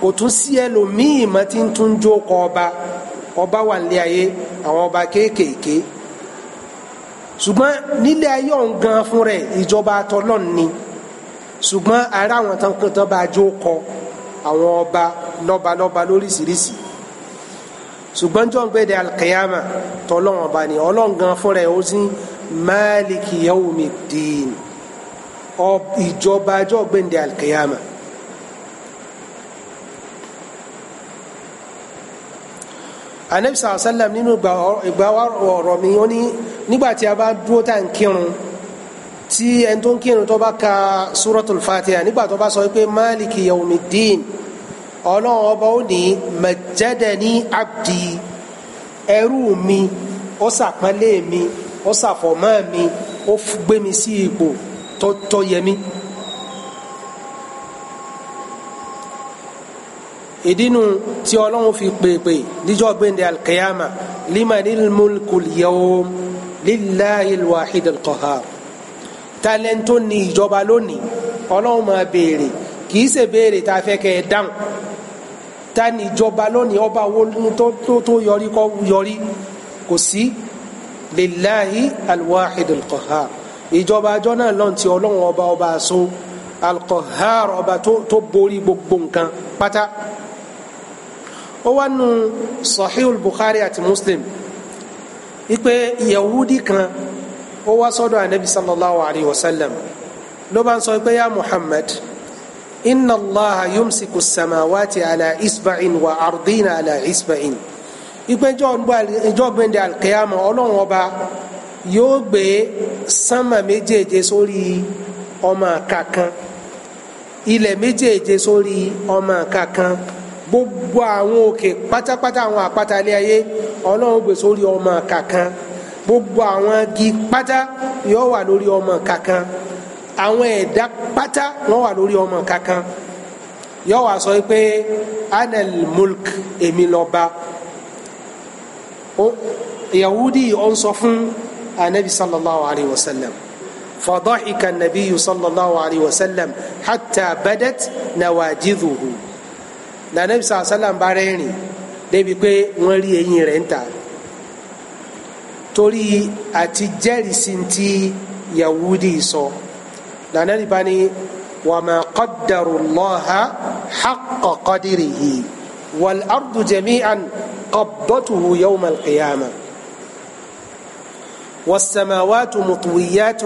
kò tún sí ẹlòmíì mọ́ tí ń tún jó kọ ọba ọba wà nílé ayé àwọn ọba kéékèèké ṣùgbọ́n nílé ayé ọ̀hún gan fún rẹ̀ ìjọba tọlọ́n ni ṣùgbọ́n ara àwọn tán kan tán bá jó kọ àwọn ọba lọ́ba lọ́ba lóríṣiríṣi ṣùgbọ́n jọ́n gbé de alkiyama tọlọ́n ọba ni ọlọ́n gan fún rẹ̀ ó sì máàlìkì yawmi ddin ìjọba jọ́ gbé anabi sàlá sàlám nínú ìgbà ọ̀rọ̀ mi ó ní nígbà tí a bá dúró tá à ń kírun tí ẹni tó ń kírun tó bá ka suratul fatiha nígbà tó bá sọ pé máàlìkì yawmiddin ọlọ́run ọba ó ní majjadani abdi ẹrú mi ó sàpọ́nlé mi ó sàfọ̀mọ́ mi ó gbé mi sí ipò tó yẹ mí. ìdínú tí ọlọ́run fi pèpè níjọ́ gbẹ̀ndẹ̀ alkiyama limanil mulkul yawm lillahi alwahid alqahar talento ni ìjọba lónìí ọlọ́run máa béèrè kìí ṣe béèrè tá a fẹ́ kẹ́ ẹ dáhùn ta ni ìjọba lónìí ọba wo tó tó yọrí kọ́ yọrí kò sí lillahi alwahid alqahar ìjọba ajọ́ náà lọ́n ti ọlọ́run ọba ọba àṣọ alqahar ọba tó borí gbogbo nǹkan pátá ó wá nu sahihul bukhari àti muslim wípé yahudi kan ó wá sọ́dọ̀ anabi sallallahu alayhi wa sallam ló bá ń sọ pé ya muhammad inna allaha yumsiku samawati ala isba'in wa ardina ala isba'in wípé ìjọ gbẹ̀ndẹ̀ alqiyama ọlọ́run ọba yóò gbé sánmà méjèèje sórí ọmọ kankan ilẹ̀ méjèèje sórí ọmọ kankan gbogbo àwọn òkè pátápátá àwọn àpáta ilé ayé ọlọ́run gbé sórí ọmọ kankan gbogbo àwọn igi pátá yóò wà lórí ọmọ kankan àwọn ẹ̀dá pátá wọ́n wà lórí ọmọ kankan yóò wá sọ pé anal mulk èmi lọ́ba yahudi ọ̀n sọ fún anabi sallallahu alayhi wa sallam fadhahika anabi sallallahu alayhi wa sallam hatta badat nawajidhuhu lànàbí sàlám bá rẹ́rìn débi pé wọ́n rí eyín rẹ̀ ń ta torí àti jẹ́rìsí ti yahudi sọ lànàbí bá ní wàmà qaddarullaha haqqa qadirihi wal ardu jami'an qabdatuhu yawma al-qiyamah والسماوات مطويات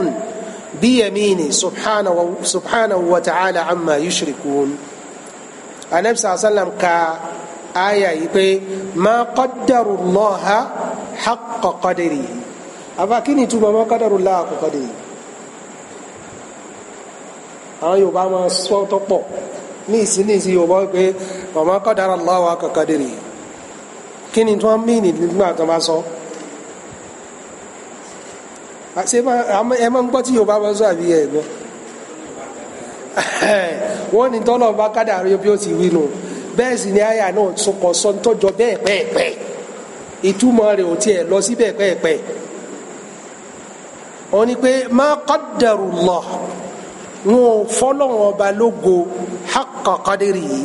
بيمينه سبحانه, سبحانه وتعالى عما يشركون anabi sallam ka aya yìí pé ma qaddarullaha haqqa qadri àbá kí ni ìtumọ̀ ma qaddarullaha haqqa qadri àwọn yorùbá máa sọ tó pọ̀ ní ìsìn ní ìsìn yorùbá pé ma qaddarullaha haqqa qadri kí ni tí wọ́n mí nígbà tó máa sọ. So àti ẹ máa ń gbọ́ tí yorùbá máa ń sọ àbí ẹ gbọ́ wọ́n ní tọ́lọ̀ bá bí ó ti bẹ́ẹ̀ sì ni àyà náà sọkọ sọ tọ́jọ bẹ́ẹ̀ pẹ́ẹ́pẹ́ ìtumọ̀ rẹ̀ ò tiẹ̀ lọ sí bẹ́ẹ̀ wọ́n pé má wọn ò fọ́lọ́wọ́n ọba lógo yìí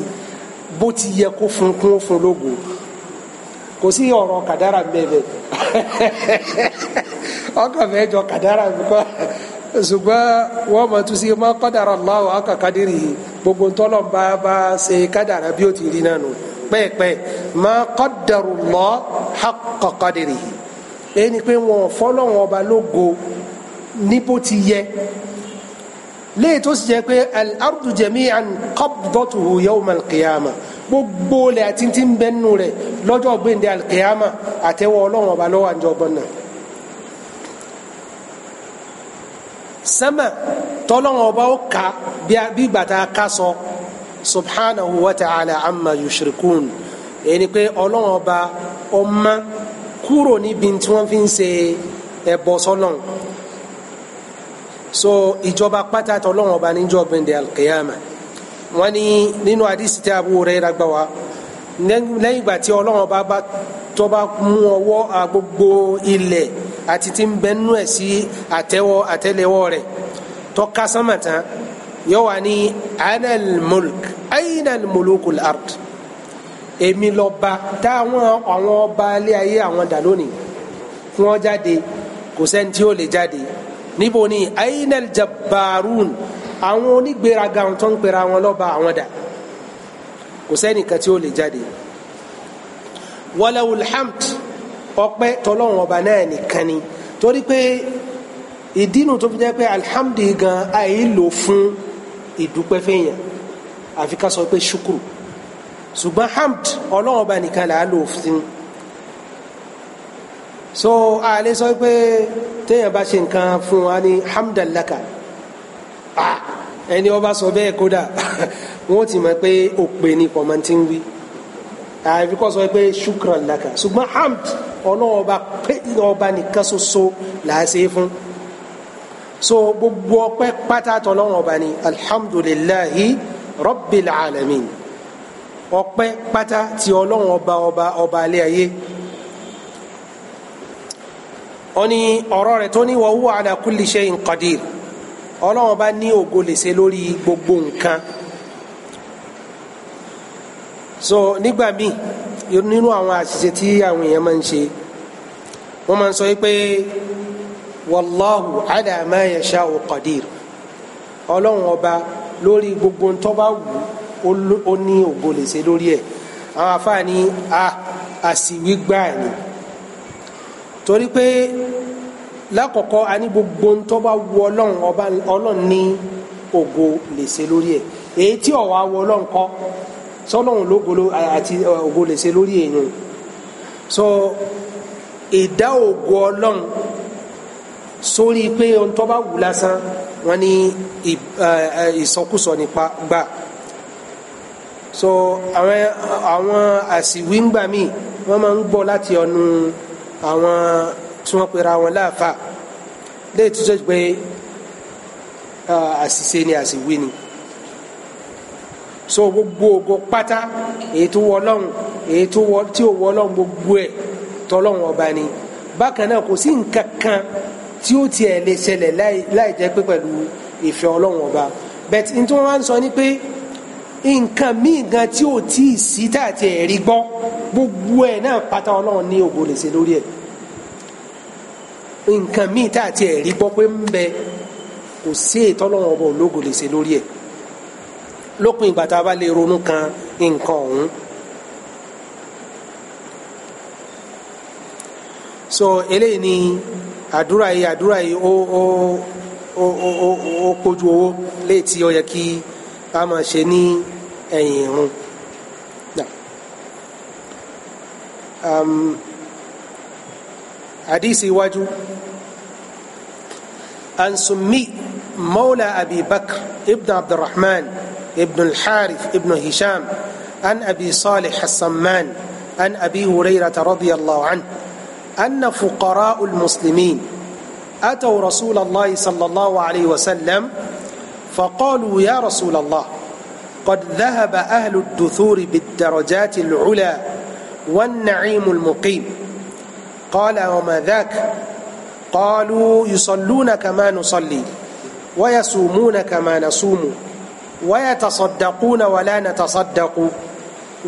bó ti yẹ kó fún kún fún lógo kò sí ṣùgbọ́n wọ́n mọ̀ tún sí ma qadara Allahu haqqa qadrihi gbogbo ntọ́lọ̀ bá bá ṣe kádàrà bí ó ti rí nánu pẹ́ẹ́pẹ́ ma qadara Allahu haqqa qadrihi ẹni pé wọn fọlọ́wọn ọba lógo níbo ti yẹ léyìí tó sì jẹ́ pé al-ardu jami'an qabdatuhu yawm gbogbo lẹ́yìn àti ti ń bẹ́ẹ̀ nù rẹ̀ lọ́jọ́ gbẹ̀ndẹ̀ al-qiyamah àtẹwọ́ ọba lọ́wọ́ àjọgbọ́n náà. sẹ́mà tọ́lọ́wọ́n ọba ó ka bí gbàtà ká sọ subhanahu wa ta'ala amma yushrikun ẹni pé ọlọ́wọ́n ọba ọmọ kúrò níbi tí wọ́n fi ń ṣe ẹ̀bọ sọ́lọ́n so ìjọba pátá tọ́lọ́wọ́n ọba níjọ́ bẹ̀ndẹ̀ alqiyama wọ́n ní nínú àdìsí tí Abu Hurairah gbà wá lẹ́yìn ìgbà tí ọlọ́wọ́n ọba tó bá mú ọwọ́ àgbogbo ilẹ̀ àti tí ń bẹnu ẹ̀ sí àtẹ́wọ́ àtẹ́lẹwọ́ rẹ̀ tọ́ka sánmà tán yóò wá ní anal mulk ainal mulukul ard èmi lọ́ba táwọn àwọn ọba ilé ayé àwọn dà lónìí kí wọ́n jáde kò sẹ́ni tí ó lè jáde níbo ni ainal jabbarun àwọn onígbéraga tó ń pera wọn lọ́ba àwọn dà kò sẹ́ni kan tí ó lè jáde walawul hamd ọpẹ́ tọlọ́run ọba náà nìkan ni torí pé ìdínú tó fi jẹ́ pé alhamdi gan àyè lò fún ìdúpẹ́ fẹ́yàn àfi ká sọ pé ṣukuru ṣùgbọ́n hamd ọlọ́run ọba nìkan là á lò fún so a lè sọ pé téèyàn bá ṣe nǹkan fún wa ní hamdallaka ẹni ọba sọ bẹ́ẹ̀ kódà wọ́n ti mọ̀ pé òpè ni pọ̀mọ́ntì ń wí àfikọ́ sọ pé ṣukran laka ṣùgbọ́n hamd ọlọ́run ọba pé ọba nìkan ṣoṣo là á ṣe é fún so gbogbo ọpẹ́ pátá tọlọ́run ọba ni alhamdulillahi rabbil alamin ọpẹ́ pátá ti ọlọ́run ọba ọba ọba alẹ́ ayé ọni ọ̀rọ̀ rẹ̀ tó ní wa huwa ala kulli ọba ní ògo lè ṣe lórí gbogbo nǹkan so nígbà míì nínú àwọn àṣìṣe tí àwọn èèyàn máa ń ṣe wọ́n máa ń sọ pé wallahu ala ma yasha'u qadir ọlọ́run ọba lórí gbogbo ń tó bá wù ó ní ògo lè ṣe lórí ẹ̀ àwọn afáàní a àṣìwí gbáà ni torí pé lákọ̀ọ́kọ́ a ní gbogbo ń wù ọlọ́run ọba ọlọ́run ní ògo lè ṣe lórí ẹ̀ èyí tí ó wá ọlọ́run kọ́ sọlọ́run lógolo àti ògo lè ṣe lórí èèyàn so ìdá ògo ọlọ́run sórí pé ohun tó bá wù lásán wọn ni ìsọkúsọ nípa gbà so àwọn àwọn àsìwí ń gbà mí wọn máa ń gbọ́ láti ọnu àwọn tí wọn pera wọn láàfà léètú pé àṣìṣe ni àsìwí ni. Uh, so gbogbo ògo pátá èyí tó wọ lọ́hùn èyí tó wọ tí ò wọ lọ́hùn gbogbo ẹ̀ tọ́lọ́hùn ọba ni bákan náà kò sí nǹkan kan tí ó tiẹ̀ lè ṣẹlẹ̀ láì jẹ́ pé pẹ̀lú ìfẹ́ ọlọ́hùn ọba bẹ́ẹ̀ tí wọ́n máa ń sọ ni pé nǹkan míì gan tí ò tí ì sí tá àti ẹ̀rí gbọ́ gbogbo ẹ̀ náà pátá ọlọ́run ní ògo lè ṣe lórí ẹ̀ nǹkan míì tá ẹ̀rí gbọ́ pé ń bẹ kò sí ètò ọlọ́run ọba òlógo lè ṣe lórí ẹ̀ lópin ìgbà tá a bá lè ronú kan nǹkan ọ̀hún. so eléyìí ni àdúrà yìí àdúrà yìí ó ó ó ó ó kojú owó léètì ó yẹ kí a máa ṣe ní ẹ̀yìn irun. Um, iwájú an mawla Abi ibn Abdulrahman. ابن الحارث ابن هشام عن أبي صالح الصمان عن أبي هريرة رضي الله عنه أن فقراء المسلمين أتوا رسول الله صلى الله عليه وسلم فقالوا يا رسول الله قد ذهب أهل الدثور بالدرجات العلى والنعيم المقيم قال وما ذاك قالوا يصلون كما نصلي ويصومون كما نصوم ويتصدقون ولا نتصدق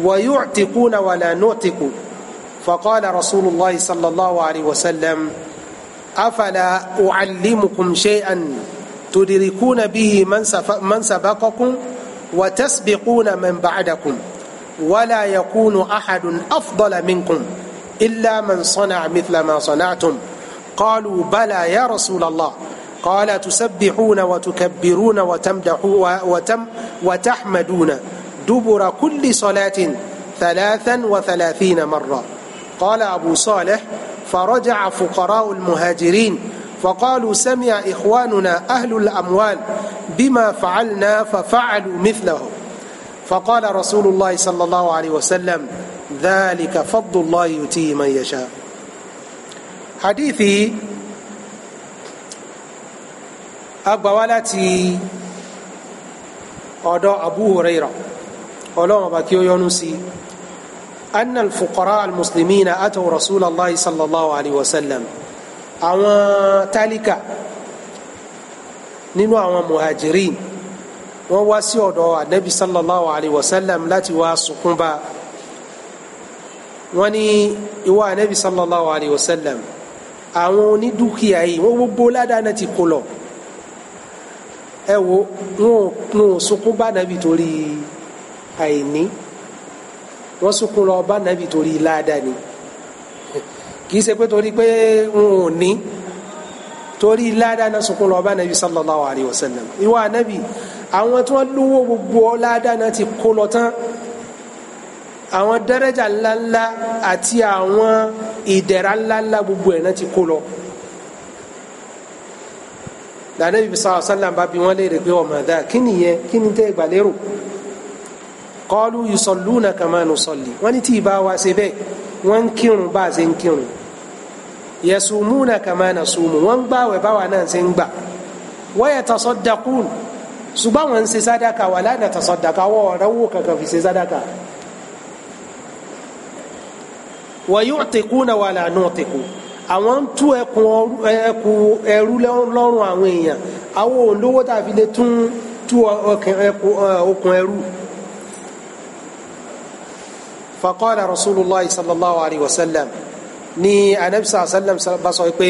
ويعتقون ولا نعتق فقال رسول الله صلى الله عليه وسلم أفلا أعلمكم شيئا تدركون به من, من سبقكم وتسبقون من بعدكم ولا يكون أحد أفضل منكم إلا من صنع مثل ما صنعتم قالوا بلى يا رسول الله قال تسبحون وتكبرون وتمدحون وتم وتحمدون دبر كل صلاة ثلاثا وثلاثين مرة قال أبو صالح فرجع فقراء المهاجرين فقالوا سمع إخواننا أهل الأموال بما فعلنا ففعلوا مثله فقال رسول الله صلى الله عليه وسلم ذلك فضل الله يؤتيه من يشاء حديثي agba wa láti ọ̀dọ̀ abu huraira ọlọ́run ọba kí ó yọ́nú sí anna alfuqara almuslimina ataw rasulallah sallallahu alayhi wa sallam àwọn tálíkà nínú àwọn muhajirin wọ́n wá sí ọ̀dọ̀ anabi sallallahu alayhi wa sallam láti wá sukunba wọ́n ní ìwà anabi sallallahu alayhi wa àwọn onídùkìá yìí wọ́n gbogbo ládàá náà ti kó lọ ẹ wo wọn ò sunkún bá nàbì torí àìní wọn sunkún lọ bá nàbì torí ládàá ni kì í ṣe pé torí pé wọn ò ní torí ládàá náà sunkún lọ bá nàbì sallallahu alayhi wa sallam ìwà nàbì àwọn tí wọn lówó gbogbo ládàá náà ti kó lọ tán àwọn dẹrẹjà ńláńlá àti àwọn ìdẹ̀ra ńláńlá gbogbo ẹ̀ náà ti kó lọ lànàbí bisala sálàm bá bi wọn léèrè pé ọmọ dáa kí ni yẹn kí ni tẹ́ gbà lérò kọlu yusọlúna kama nusọlì wọn ni tí ì bá wa ṣe bẹ́ẹ̀ wọn ń kírun bá a ṣe ń kírun yasumuna kama nasumu wọn ń gbààwẹ̀ báwa náà ṣe ń gbà wa yatasaddaqun ṣùgbọ́n wọn ń ṣe sádàkà wà lánàá tasaddaqà wọ́n ọ̀rẹ́ wò kankan fi ṣe sádàkà wa yu'tiquna wà lánàá ọ̀tẹ̀kù àwọn ń tú ẹkùn ẹrú lọ́rùn àwọn èèyàn àwọn olówó tàbí lè tún tú okùn ẹrú. faqala rasulullah sallallahu alayhi wa sallam ni anabisa sallam bá sọ pé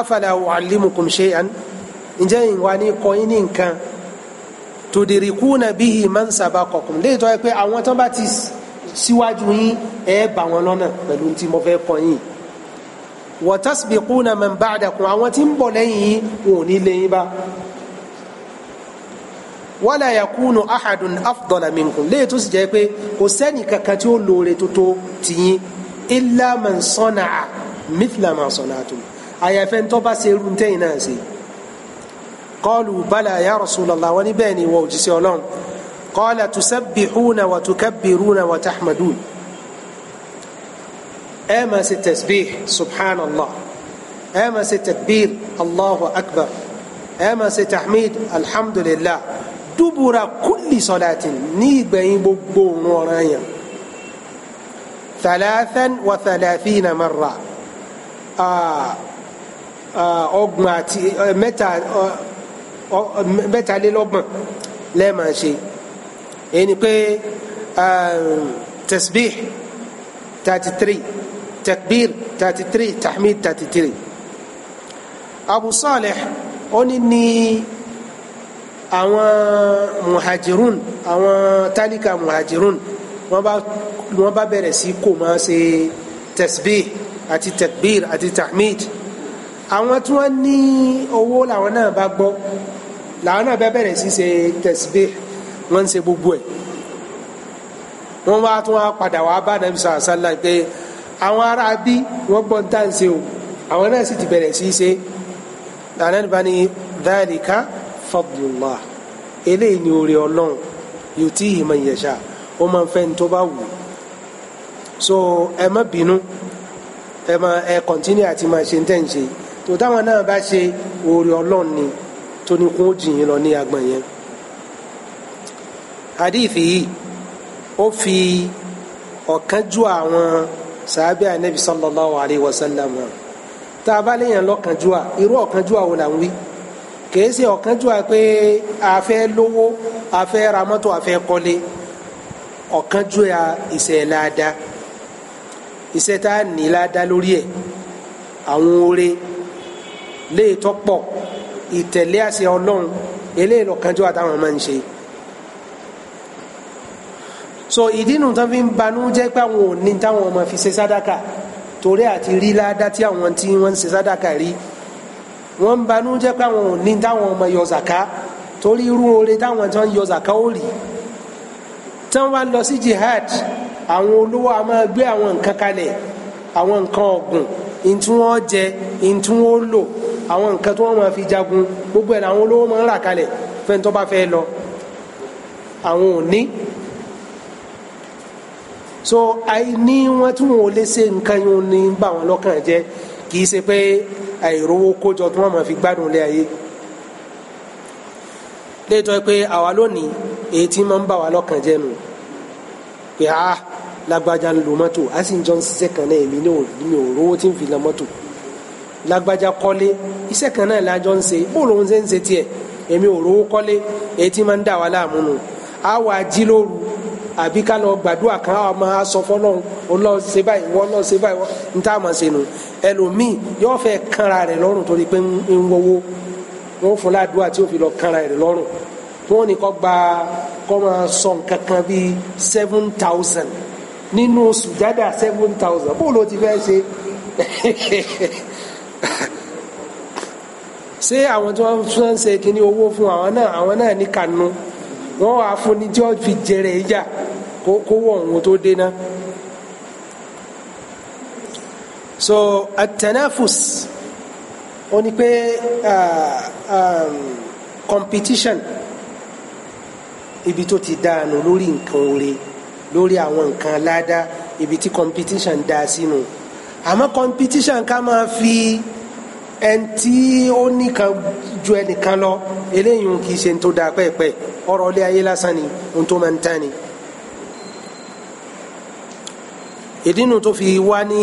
afala u'allimukum shay'an ǹjẹ́ ìwà ni kọ́yìn ní nǹkan tudirikuna bihi man sabaqakum léyìí tó yẹ pé àwọn tán bá ti síwájú yín ẹ bá wọn lọ́nà pẹ̀lú tí mo fẹ́ kọ́ yín wa tasbiquna man ba'dakum àwọn tí ń bọ̀ lẹ́yìn yín wọn ò ní lé yín bá wala yakunu ahadun afdala minkum léyìí tó sì jẹ́ pé kò sẹ́ni kankan tí ó lóore tó tó tìyín illa man sana'a mithla ma sana'tum àyàfẹ́ tó bá ṣe irú tẹ́yìn náà ṣe qalu bala ya rasulallah wọn ni ìwọ òjíṣẹ́ ọlọ́run قال تسبحون وتكبرون وتحمدون آمس التسبيح سبحان الله آمس التكبير الله أكبر آمس التحميد الحمد لله دبر كل صلاة نيبين ببون ورايا ثلاثا وثلاثين مرة آه, آه،, آه، متى àti آه، لا mẹ́talélọ́gbọ̀n lẹ́ẹ̀ma èyí ni pé um, tasbih thirty three takbir thirty three tahmid thirty three abu salih ó ní ní àwọn muhajirun àwọn tálíkà muhajirun wọ́n bá wọ́n bá bẹ̀rẹ̀ sí kò máa ṣe tasbih àti takbir àti tahmid àwọn tí wọ́n ní owó làwọn náà bá gbọ́ làwọn náà bá bẹ̀rẹ̀ sí ṣe tasbih wọ́n ń ṣe gbogbo ẹ̀ wọ́n wá tún wá padà wá bá nàbí sàlá pé àwọn ará bí wọ́n gbọ́n tá à ń ṣe o àwọn náà sì ti bẹ̀rẹ̀ sí ṣe ànáni bá ní dhalika eléyìí ni oore ọlọ́run yutihi man yasha ó máa ń fẹ́ ní tó bá wù so ẹ má bínú ẹ má ẹ kọ̀ntínú àti máa ṣe ń tẹ̀ ń ṣe tó táwọn náà bá ṣe oore ọlọ́run ni tó ó jìyìn lọ ní agbọ̀n yẹn hadithi yìí ó fi ọ̀kan ju àwọn sàábẹ́ anabi sallallahu alayhi wa sallam tá a bá léèyàn lọ́kànjúà irú ọ̀kànjúà wo là ń wí kìí ṣe ọ̀kànjúà pé a fẹ́ lówó a fẹ́ ra mọ́tò a fẹ́ kọ́lé ọ̀kànjúà iṣẹ́ láada tá a ní láada lórí ẹ̀ àwọn oore léètọ́ pọ̀ ìtẹ̀lé àṣẹ ọlọ́run eléyìí lọ́kànjúà táwọn máa ń ṣe so ìdínú tán fi ń banú jẹ́ pé àwọn ò ní táwọn ọmọ fi ṣe sádàkà torí àti rí ládá tí àwọn tí wọ́n ń ṣe sádàkà rí wọ́n ń banú jẹ́ pé àwọn ò ní táwọn ọmọ yọ zàká torí irú oore táwọn tí wọ́n yọ zàká ó rí tí wọ́n bá lọ sí jihad àwọn olówó a máa gbé àwọn nǹkan kalẹ̀ àwọn nǹkan ọ̀gùn ntí jẹ ntí lò àwọn nǹkan tí wọ́n máa fi jagun gbogbo ẹ̀ làwọn olówó máa ń rà kalẹ̀ fẹ́ntọ́ bá fẹ́ lọ àwọn ò so àìní wọn tí wọn ò lè ṣe nǹkan yìí ní bá wọn lọ́kàn jẹ́ kì í ṣe pé àìrówó kójọ tí wọn máa fi gbádùn lé ayé léetọ́ pé àwa lónìí èyí tí máa ń bá wa lọ́kàn jẹ́ nù pé a ah, lágbájá ń lo mọ́tò a sì ń jọ ń ṣiṣẹ́ kan náà èmi ní mi ò rówó tí ń fi la mọ́tò lágbájá kọ́lé iṣẹ́ kan náà lájọ ń ṣe bó lòun ṣe ń ṣe tiẹ̀ èmi ò rówó kọ́lé èyí tí máa ń dà wá láàmú nù a wà jí lóru àbí ká lọ gbàdúrà kan àwọn máa sọ fọlọ́run ọlọ́run ṣe báyìí wọ́n lọ́ọ́ ṣe báyìí n tá a máa ṣe nù ẹlòmíì yóò fẹ́ kanra rẹ̀ lọ́rùn torí pé ń wọ́wọ́ wọ́n fún ládùúgbà tí ó fi lọ kanra rẹ̀ lọ́rùn tí wọ́n ní kọ́ gba kọ́ máa sọ nǹkan kan bíi seven thousand nínú sùjádà seven thousand bó ló ti fẹ́ ṣe ṣé àwọn tí wọ́n ń ṣe kíní owó fún àwọn náà àwọn náà ní kànú wọ́n wàá fún ni tí wọ́n fi jẹrẹ ìjà kó wọ̀ ohun tó dé ná. so atanafus ó ní pé competition ibi tó ti dáanu lórí nǹkan oore lórí àwọn nǹkan ládàá ibi tí competition dá sínú àmọ́ competition ká máa fi ẹni tí ó nìkan ju ẹnìkan lọ eléyìí kì í ṣe tó dáa pẹ́ẹ́pẹ́ ọ̀rọ̀ ilé ayé lásán ni ohun tó máa ń tán ni. ìdí nu tó fi wá ní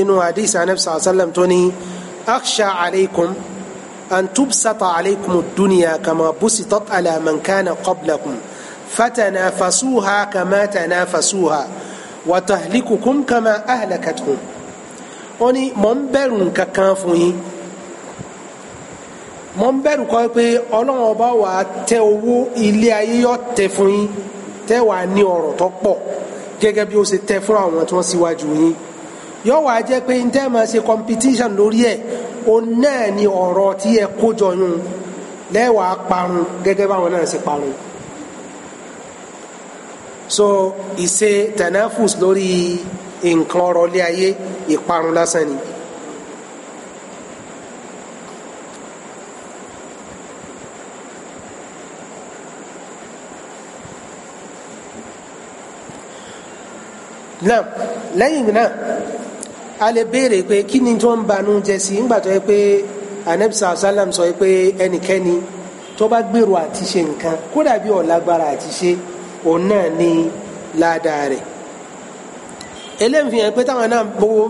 inú hadith anabi sallallahu alayhi wa sallam tó ní aksha alaykum an tubsata alaykum dunya kama busitat ala man kana qablakum fatanafasuha kama tanafasuha watahlikukum kama ahlakatkum. ó ní mò ń bẹ̀rù nǹkan fún yín mo ń bẹ̀rù kọ́ pé ọlọ́run ọba wà á tẹ owó ilé ayé yọ tẹ fún yín tẹ wà ní ọ̀rọ̀ tó pọ̀ gẹ́gẹ́ bí ó ṣe tẹ fún àwọn tí wọ́n síwájú yín yọ wà á jẹ́ pé n tẹ́ máa ṣe competition lórí ẹ̀ o náà ni ọ̀rọ̀ tí ẹ kó jọ yún lẹ́wàá parun gẹ́gẹ́ báwọn náà ṣe parun so ìṣe tanafus lórí nǹkan ọrọ̀ ilé ayé ìparun lásán ni. náà lẹ́yìn náà a lè béèrè pé kí ni tó ń banú jẹ́ sí nígbà tó yẹ pé anabisa salam sọ pé ẹnikẹ́ni tó bá gbèrò àti ṣe nǹkan kódà bí ó lágbára àti ṣe òun náà ni ládàá rẹ̀ eléyìí pé táwọn náà gbowó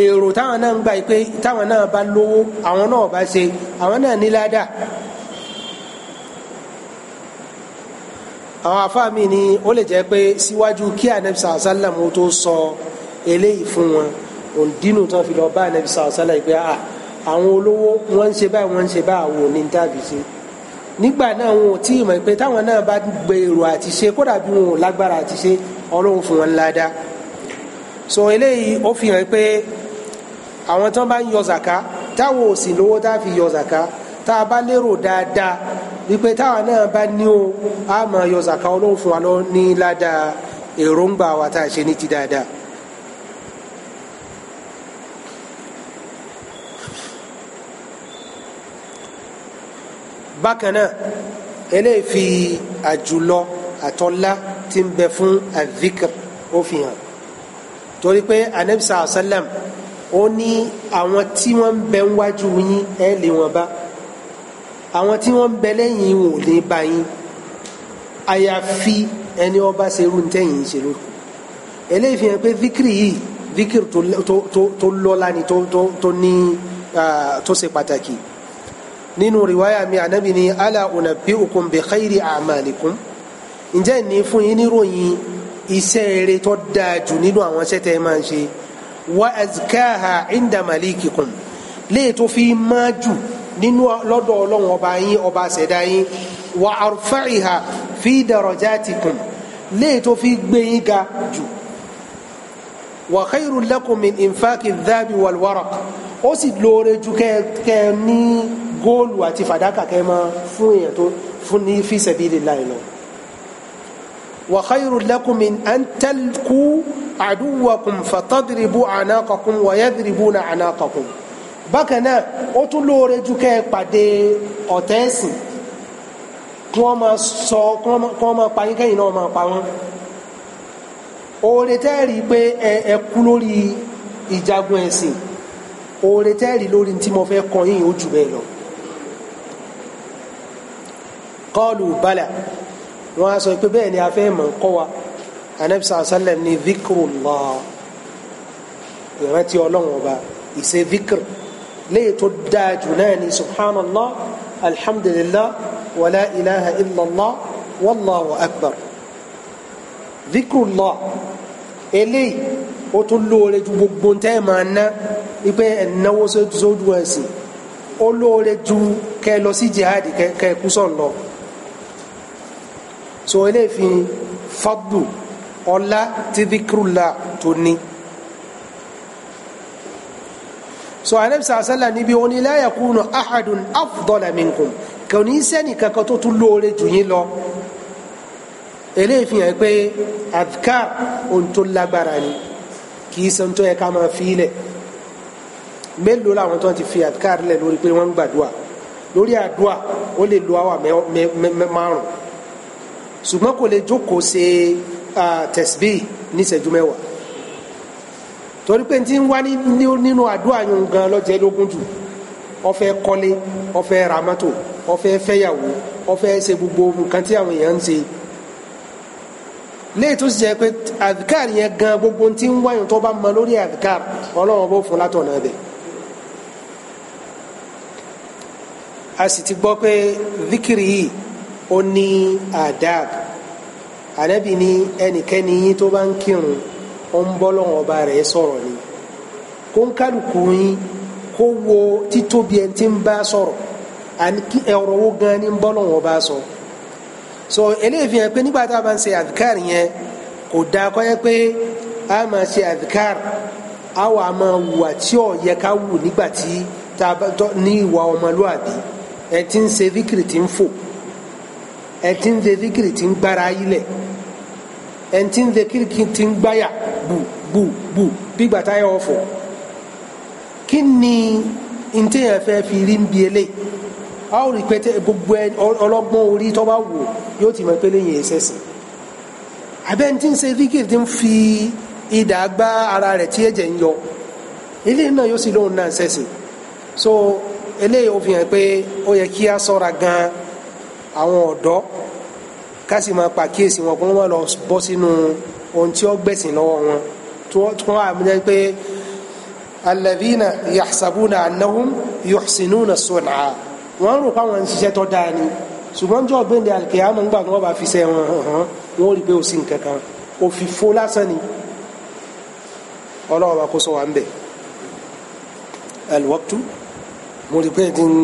èrò táwọn náà ń gbà pé táwọn náà bá lówó àwọn náà bá ṣe àwọn náà ní ládàá. àwọn afáàmì ni ó lè jẹ́ pé síwájú kí anabi sàlá sálàm ó tó sọ eléyìí fún wọn òǹdínú tán fi lọ bá anabi sàlá sálàm pé à ah, àwọn olówó wọn ń ṣe báyìí wọn ń ṣe báyìí àwọn òní tàbí ṣe nígbà náà wọn ò tí mọ̀ pé táwọn náà bá gbèrò àti ṣe kódà bí wọn ò lágbára àti ṣe ọlọ́run fún wọn ládàá so eléyìí ó fi hàn pé àwọn tán bá ń yọ zàká táwọn ò sì lówó tá a fi yọ zàká tá a bá lérò dáadáa wípé táwa náà bá ní o a máa yọ zaka ọlọ́run fún wa lọ ní ládàá èròǹgbà wa tá a ṣe ní ti dáadáa. bákan náà eléyìí fi àjùlọ àtọ́lá tí ń bẹ fún àdìkà ó fi hàn torí pé anabisa asalam ó ní àwọn tí wọ́n ń bẹ ń wájú yín ẹ lè wọn bá àwọn tí wọ́n ń bẹ lẹ́yìn wọn ò lè bá yín àyàfi ẹni ọba ṣerú ntẹ́yìn ń ṣe lóko eléyìí fi hàn pé zikiri yìí zikiri tó lọ́la ni tó ní tó ṣe pàtàkì nínú riwaya mi anabi ni ala unabbi'ukum bi khayri a'malikum ǹjẹ́ ní fún yín níròyìn iṣẹ́ eré tó dáa nínú àwọn iṣẹ́ ẹ máa ṣe wa azkaha inda malikikum léè tó fi máa jù nínú lọ́dọ̀ ọlọ́run ọba yín ọba ṣẹ̀dá yín wa arfa'iha fi darajatikum léè tó fi gbé yín ga jù wa khayrun lakum min infaqi dhahabi wal waraq ó sì lóore ju kẹ ní góòlù àti fàdákà kẹ mọ fún èèyàn tó fún ní fi sabilillah lọ wa khayrun lakum min an talqu aduwakum fatadribu anaqakum wa yadribuna bákan náà ó tún lóore ju kẹ́ ẹ pàdé ọ̀tẹ́ẹ̀sìn kí wọ́n máa sọ kí wọ́n máa pa yín kẹ́yìn náà máa pa wọ́n oore tẹ́ẹ̀rí pé ẹ kú lórí ìjagun ẹ̀sìn oore tẹ́ẹ̀rí lórí tí mo fẹ́ kọ yín ó jù bẹ́ẹ̀ lọ kọlù bala wọn a sọ pé bẹ́ẹ̀ ni a fẹ́ mọ̀ kọ́ wa anabi sallam ni dhikrullah ìrántí ọlọ́run ọba ìṣe dhikr léyìí tó dáa jù náà ni subhanallah alhamdulillah wàlá ilaha illallah wallahu akbar dhikrullah eléyìí ó tún lóore ju gbogbo tẹ́ ẹ̀ máa ná wípé ẹ̀ náwó sójú ẹ̀sìn ó lóore ju kẹ́ lọ sí jihad kẹ́ kú sọ̀n lọ so eléyìí fi fadlu ọlá tí dhikrullah tó ní. so anabi sàásàlà níbi ó ní la yakunu ahadun afdala minkum kò ní sẹ́ni kankan tó tún lóore jù yín lọ eléyìí fi hàn pé adhkar ohun tó lágbára ni kì í sọ ohun tó yẹ ká máa fi ilẹ̀ mélòó làwọn tó ti fi adhkar lẹ̀ lórí pé wọ́n ń gbàdúrà lórí àdúrà ó lè lo àwà márùn ṣùgbọ́n kò lè jókòó ṣe tẹ̀síbí níṣẹ́jú mẹ́wàá torí pé tí ń wá nínú àdúrà yun gan lọ́jẹ́ lógún jù ó fẹ́ kọ́lé ó fẹ́ ra mọ́tò ó fẹ́ fẹ́yàwó ó fẹ́ ṣe gbogbo nǹkan tí àwọn èèyàn ń ṣe léyìí tó sì jẹ́ pé àdìkàr yẹn gan gbogbo tí ń wáyùn tó bá mọ lórí àdìkàr ọlọ́run bó fún látọ̀nà ẹ̀bẹ̀ a sì ti gbọ́ pé zikiri yìí ó ní àdáàb ànábì ní ẹnikẹ́ni yín tó bá ń kírun ó ń bọ́ rẹ̀ sọ̀rọ̀ ni kó ń kálukú yín kó wo títóbi ẹni tí ń bá sọ̀rọ̀ àní kí ẹ̀rọ wo gan ni ń bọ́ lọ́wọ́ ọba sọ. so eléyìí fi hàn pé nígbà tá a máa ń ṣe àdìkárì yẹn kò dáa kọ́ yẹ pé a máa ṣe àdìkárì a wà tí ò yẹ ká wù nígbà tí tá ní ìwà ọmọlúwàbí ẹ ti ń ṣe fíkìrì tí ń fò ẹ ti ń ṣe fíkìrì tí ń gbára ayílẹ̀ ẹni tí ń de kíríkì ti ń gbáyà bù bù bù bí gbàtà yẹ ọ̀fọ̀ kí ni ntẹ̀yàn fẹ́ fi rí ń bi eléyìí a ó rí pété gbogbo ọlọ́gbọ́n orí tó bá wò yóò ti mọ̀ pé lẹ́yìn ẹsẹ̀ sí abẹ́ ní ń ṣe díkìrì ti ń fi idà gbá ara rẹ̀ tí ẹ̀jẹ̀ ń yọ ilé náà yóò sì lóun náà ṣẹ̀ṣẹ̀ so eléyìí ó fi hàn pé ó yẹ kí a ṣọ́ra gan àwọn ọ̀dọ́ ká sì máa pàkíyèsí wọn kó wọn lọ bọ́ sínú ohun tí ó gbẹ̀sìn lọ́wọ́ wọn tí wọ́n á jẹ́ pé alladhina yahsabuna annahum yuhsinuna sun'a wọ́n rò fáwọn ń ṣiṣẹ́ tó dáa ni ṣùgbọ́n jọ́ gbẹ̀ndẹ̀ alkiyama nígbà tí wọ́n bá fi ṣe wọn hàn hàn rí pé ó sì nǹkan kan lásán ni ọlọ́wọ́ bá kó sọ wà ń bẹ̀ alwaqtu mo rí pé ti ń.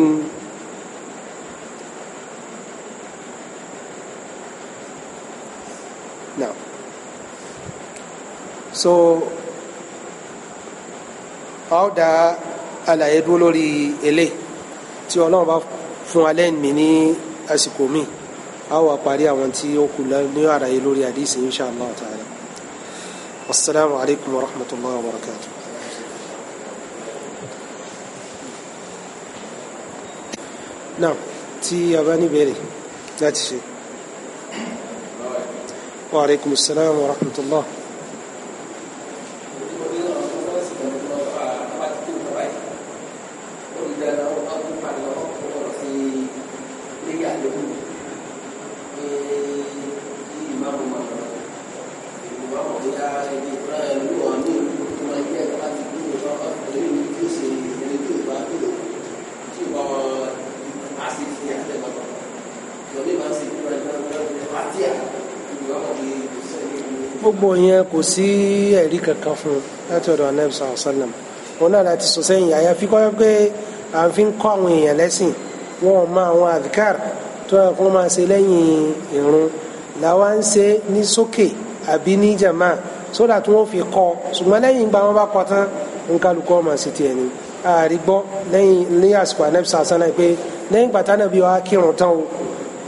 so a ó da àlàyé dúró lórí ilé tí ọlọ́run bá fún alẹ́ mi ní àsìkò mi a ó wá parí àwọn tí ó kù ní àlàyé lórí àdìsí insha Allah ta'ala wasalaamu alaykum wa rahmatulahi wa barakatuh. náà tí a bá ní láti ṣe. wa aleykum salaam wa rahmatullah. bíbọ̀ yẹn kò sí ẹ̀rí kankan fún un láti ọ̀dọ̀ anabi sọ̀rọ̀ sọ́lẹ̀m òun náà láti sọ sẹ́yìn àyàfi kọ́ pé à ń fi kọ́ àwọn èèyàn lẹ́sìn wọn ò mọ àwọn àdìkàr tó yẹ kó máa ṣe lẹ́yìn ìrun làwa ń ṣe ní sókè àbí ní jàmá sódà tí wọ́n fi kọ́ ṣùgbọ́n lẹ́yìn ìgbà wọn bá kọ́ tán nkálukọ́ máa ṣe tiẹ̀ ni ààrí gbọ́ lẹ́yìn ní àsìkò anabi sọ̀rọ̀ sọ́lẹ̀m pé lẹ́yìn ìgbà tánà bí wàá kírun tán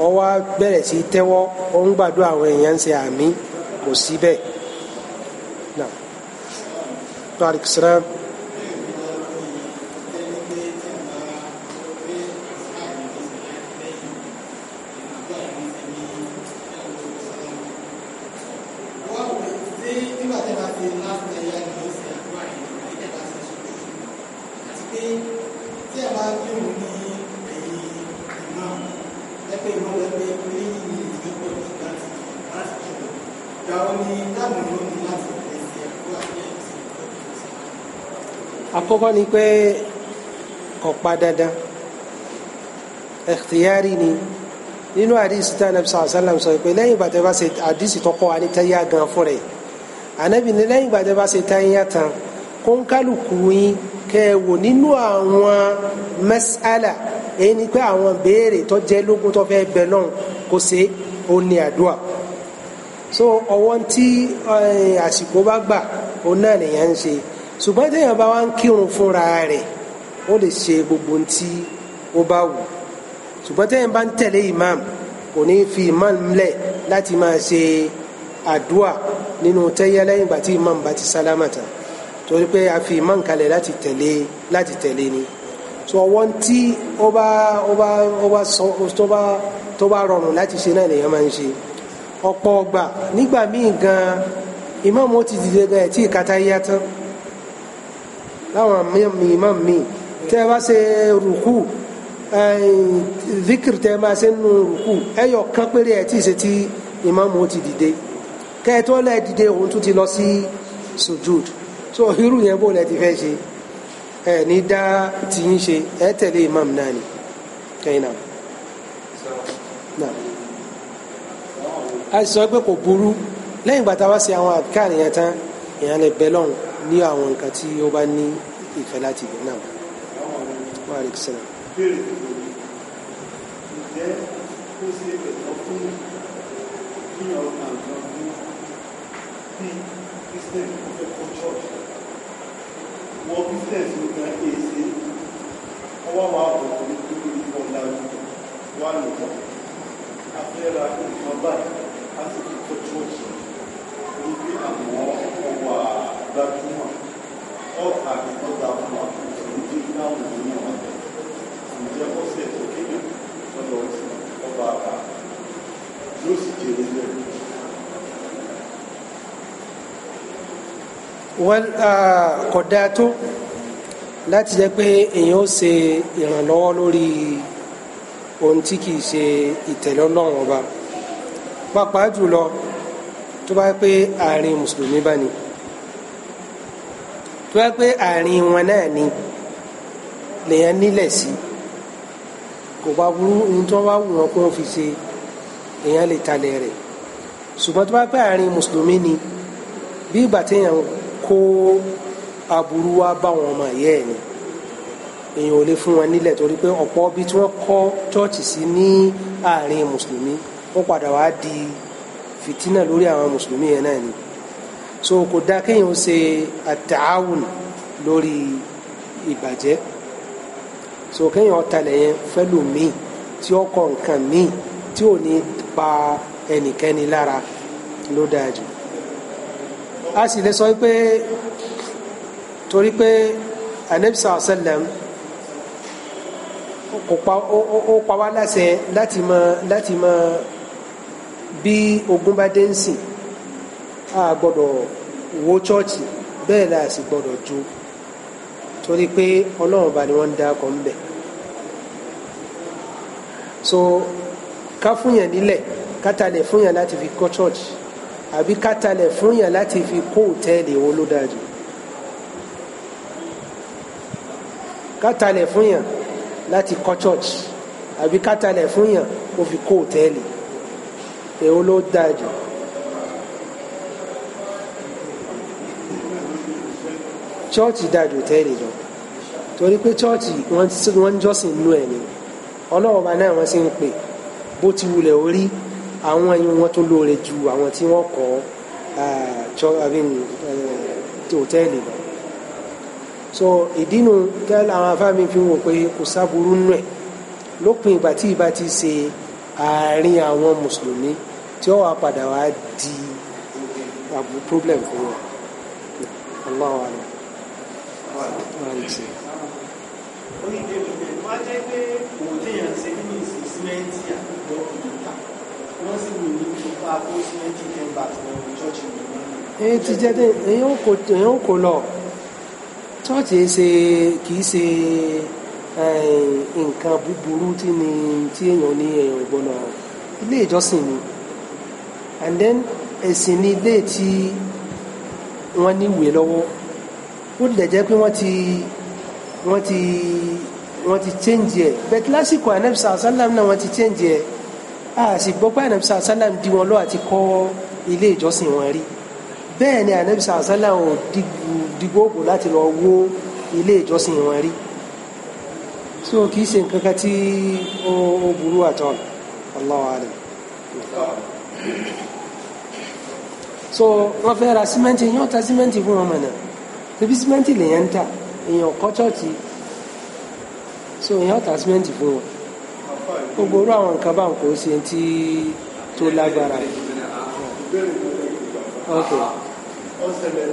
o ọ bẹ̀rẹ̀ sí tẹ́wọ́ ó ń gbàdúrà àwọn èèyàn ń ṣe àmín kò sí bẹ́ẹ̀ náà. àkọ́kọ́ ni pé kò pa dandan ẹ̀kìtìyárì ni nínú àdìsí tí anabi sallallahu alaihi wasallam sọ pé lẹ́yìn ìgbà tí wọ́n bá ṣe àdìsí tọkọ wa ní táyà gan fún rẹ̀ anabi ní lẹ́yìn ìgbà tí wọ́n bá ṣe táyà tán kó ń kálukú yín kẹ́ ẹ wò nínú àwọn mẹ́sàlà èyí ni pé àwọn béèrè tó jẹ́ lógún tó fẹ́ bẹ̀ náà kó ṣe ó ní àdúrà so ọwọ́n tí àsìkò bá gbà òun náà nìyẹn ń ṣe ṣùgbọ́n téèyàn bá wá ń kírun fúnra rẹ̀ ó lè ṣe gbogbo tí ó bá wù ṣùgbọ́n téèyàn bá ń tẹ̀lé imam kò ní fi imam lẹ̀ láti máa ṣe àdúà nínú tẹ́yẹ́ lẹ́yìn ìgbà tí imam bá ti sálámà tán torí pé a fi imam kalẹ̀ láti tẹ̀lé láti tẹ̀lé ni so ọwọ́n tí ó bá ó bá ó bá sọ tó bá tó bá rọrùn láti ṣe náà lèèyàn máa ń ṣe ọ̀pọ̀ ọgbà nígbà míì gan imam ó ti dìde gan ẹ̀ tí ìkatá yá tán láwọn mìíràn mi tẹ́ ẹ bá ṣe rùkú zikiri tẹ́ ẹ máa ṣe nù rùkú ẹ yọ kán péré ẹ tí ṣe tí ìmáàmù ti dìde kẹ́ ẹ dìde òun tún ti lọ sí sujud so irú yẹn bó lẹ ti fẹ́ ṣe ẹ ní dá tìyín ṣe ẹ tẹ̀lé ìmáàmù náà ni kẹ́yìn náà a sọ pé kò burú lẹ́yìn gbàtà wá sí àwọn àbíkà nìyẹn tán èèyàn lè bẹ lọ́hùn ní àwọn nǹkan tí ó bá ní ìfẹ́ láti ibẹ̀ náà wà lè sẹ́nà. Wọ́n business ló gbá èsì, ọwọ́ wa bọ̀ ní kúrò ìfọ̀lá wà lọ́wọ́. Afẹ́ra ìjọba àti ìkọ̀ church ní bí àwọn ọkọ̀ wà á gbajúmọ̀ ọ àgbẹ̀kọ́ta fún àkùnrin ní láwọn ìlú náà wọ́n tẹ̀. ǹjẹ́ ó sì ètò kéde lọ́dọ̀ sí ọba àbá yóò sì jèrè lẹ́nu. wọ́n kò dáa tó láti jẹ́ pé èèyàn ó ṣe ìrànlọ́wọ́ lórí ohun tí kìí ṣe ìtẹ̀lọ́lọ́run ọba pàápàá jùlọ tó bá pé àárín mùsùlùmí bá ní tó yẹ pé àárín wọn náà ni lèyàn nílẹ̀ sí kò bá burú ní tí wọ́n bá wù wọn kó wọ́n fi ṣe lèyàn lè talẹ̀ rẹ̀ ṣùgbọ́n tó bá pẹ́ àárín mùsùlùmí ni bí ìgbà téèyàn kó aburú wá bá wọn ọmọ ẹ̀yẹ́ ẹ̀ ni èèyàn ò lè fún wọn nílẹ̀ torí pé ọ̀pọ̀ ibi tí wọ́n kọ́ chọ́ọ̀chì sí ní àárín mùsùlùmí wọ́n padà wá di fìtínà lórí àwọn mùsùlùmí yẹn náà ni so kò dá kéèyàn ó ṣe àtàáwùn lórí ìbàjẹ́ so kéèyàn ọ̀talẹ̀ yẹn fẹ́lò míì tí ó kọ nǹkan míì tí ò ní pa ẹnikẹ́ni lára ló dáa jù a sì lè sọ pé torí pé anabisa ọ̀sẹ̀lẹ̀m ó pa wá láti mọ láti mọ bí ogun bá dé ń sìn a gbọ́dọ̀ wó chọ́ọ̀chì bẹ́ẹ̀ la sì gbọ́dọ̀ jó torí pé ọlọ́run ni wọ́n ń dákọ̀ ń bẹ̀ so ká fúnyàn nílẹ̀ kátàlẹ̀ fúnyàn láti fi kọ́ chọ́ọ̀chì àbí kátàlẹ̀ fúnyàn láti fi kó òtẹ́ẹ̀lì wo ló dáa jù kátàlẹ̀ fúnyàn láti kọ́ chọ́ọ̀chì àbí kátàlẹ̀ fúnyàn kó fi kó òtẹ́ẹ̀lì èwo ló dáa chọ́ọ̀chì dàjò tẹ́lẹ̀ lọ torí pé chọ́ọ̀chì wọ́n ń jọ́sìn nú ẹ̀ ni ọlọ́ọ̀ba náà wọ́n sì ń pè bó ti wulẹ̀ orí àwọn ẹyin wọn tó lóore ju àwọn tí wọ́n kọ́ hòtẹ́ẹ̀lì eh, lọ so ìdínú tẹ́lẹ̀ àwọn afáàmì fi wò pé kò sáburú nú ẹ̀ lópin ìgbà tí ìbá ti ṣe àárín àwọn mùsùlùmí tí ó wà padà wá di problem fún wọn. Allah wa alam èyí ti jẹ́ dé èyí ń kò èyí ń kò lọ chọ́ọ̀chì ṣe kìí ṣe eh, nǹkan búburú tí ni tí èèyàn ní èèyàn eh, ìgbọ́nà ilé ìjọsìn ni and then ẹ̀sìn ni ilé tí wọ́n níwèé lọ́wọ́ ó lè jẹ́ pé wọ́n ti wọ́n ti wọ́n ti change ẹ̀ bẹ́ẹ̀ lásìkò anabisa asalam náà wọ́n ti change ẹ̀ a sì gbọ́ pé anabisa asalam di wọn lọ́wọ́ àti kọ́ ilé ìjọsìn wọn rí bẹ́ẹ̀ ni anabisa asalam ò digbóògbò láti lọ wó ilé ìjọsìn wọn rí so kì í ṣe nǹkan kan tí ó burú àtọ́ Allahu alam so wọ́n fẹ́ ra símẹ́ǹtì yóò ta símẹ́ǹtì fún wọn mọ̀ náà ebi símẹ́ǹtì lèyàn ń tà èèyàn kọ́ chọ́ọ̀tì so èèyàn ta símẹ́ǹtì fún wọn gbogbo orú àwọn nǹkan bá ń kó ṣe tí tó lágbára ok. ọ̀sẹ̀lẹ̀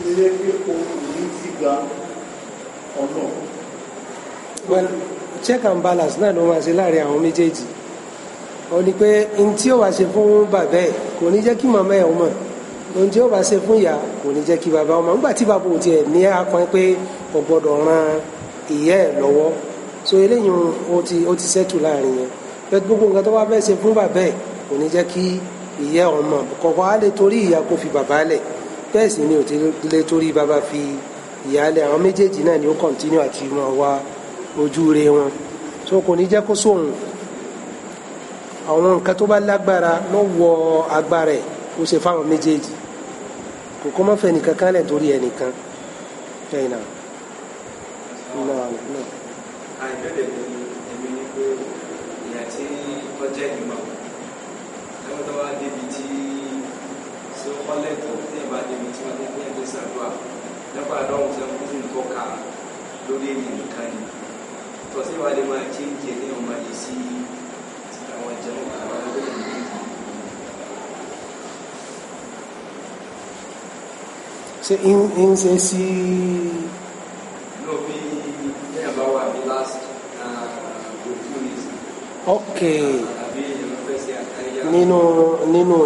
ti lè pé ohun yìí ti gba ọ̀nà. well check and balance náà ló máa ṣe láàrin àwọn méjèèjì ó ní pé n tí ó wá ṣe fún bàbá ẹ kò ní jẹ́ kí màmá ẹ ọmọ ohun tí ó bá ṣe fún ìyá kò ní jẹ́ kí bàbá ọmọ nígbà tí bàbá ò tiẹ̀ ní akọrin pé kò gbọ́dọ̀ ran ìyá ẹ lọ́wọ́ so eléyìí ó ti ó ti ṣẹ́tù láàrin yẹn bẹ́ẹ̀ gbogbo nǹkan tó wá fẹ́ ṣe fún bàbá ẹ kò ní jẹ́ kí ìyá ọmọ kọ̀ọ̀kan á lè torí ìyá kó fi bàbá lẹ̀ E, e bẹ́ẹ̀ sì ni ò ti torí bàbá fi ìyáálẹ̀ àwọn méjèèjì náà ni ó kọ̀ntínú àti mọ̀ wá ojú re wọn so kò ní jẹ́ kó sóhun àwọn nǹkan tó bá lágbára ló wọ agbára ẹ̀ ó ṣe fáwọn méjèèjì kò kọ́ mọ́ fẹ́ nìkan kan lẹ̀ torí ẹnìkan ẹ̀yìn náà. náà náà. àìbẹ̀rẹ̀ mi èmi ni pé ìyá tí ọjọ́ ìgbìmọ̀ lọ́wọ́ débi tí sọ́kọ́lẹ́tọ̀ọ́ bá débi tí wọ́n ní ẹgbẹ́ sàdúrà nípa àdánwò tí wọ́n sì ń tọ́ka lórí èyí nìkan ni tọ́sí wa lè máa ṣe ń jẹ ní ọmọ yìí sí àwọn ìjẹun àwọn olóyìn ní ìlú. ṣé ń ṣe sí. lọ ní ẹ̀bá wà ní last ah, ok nínú nínú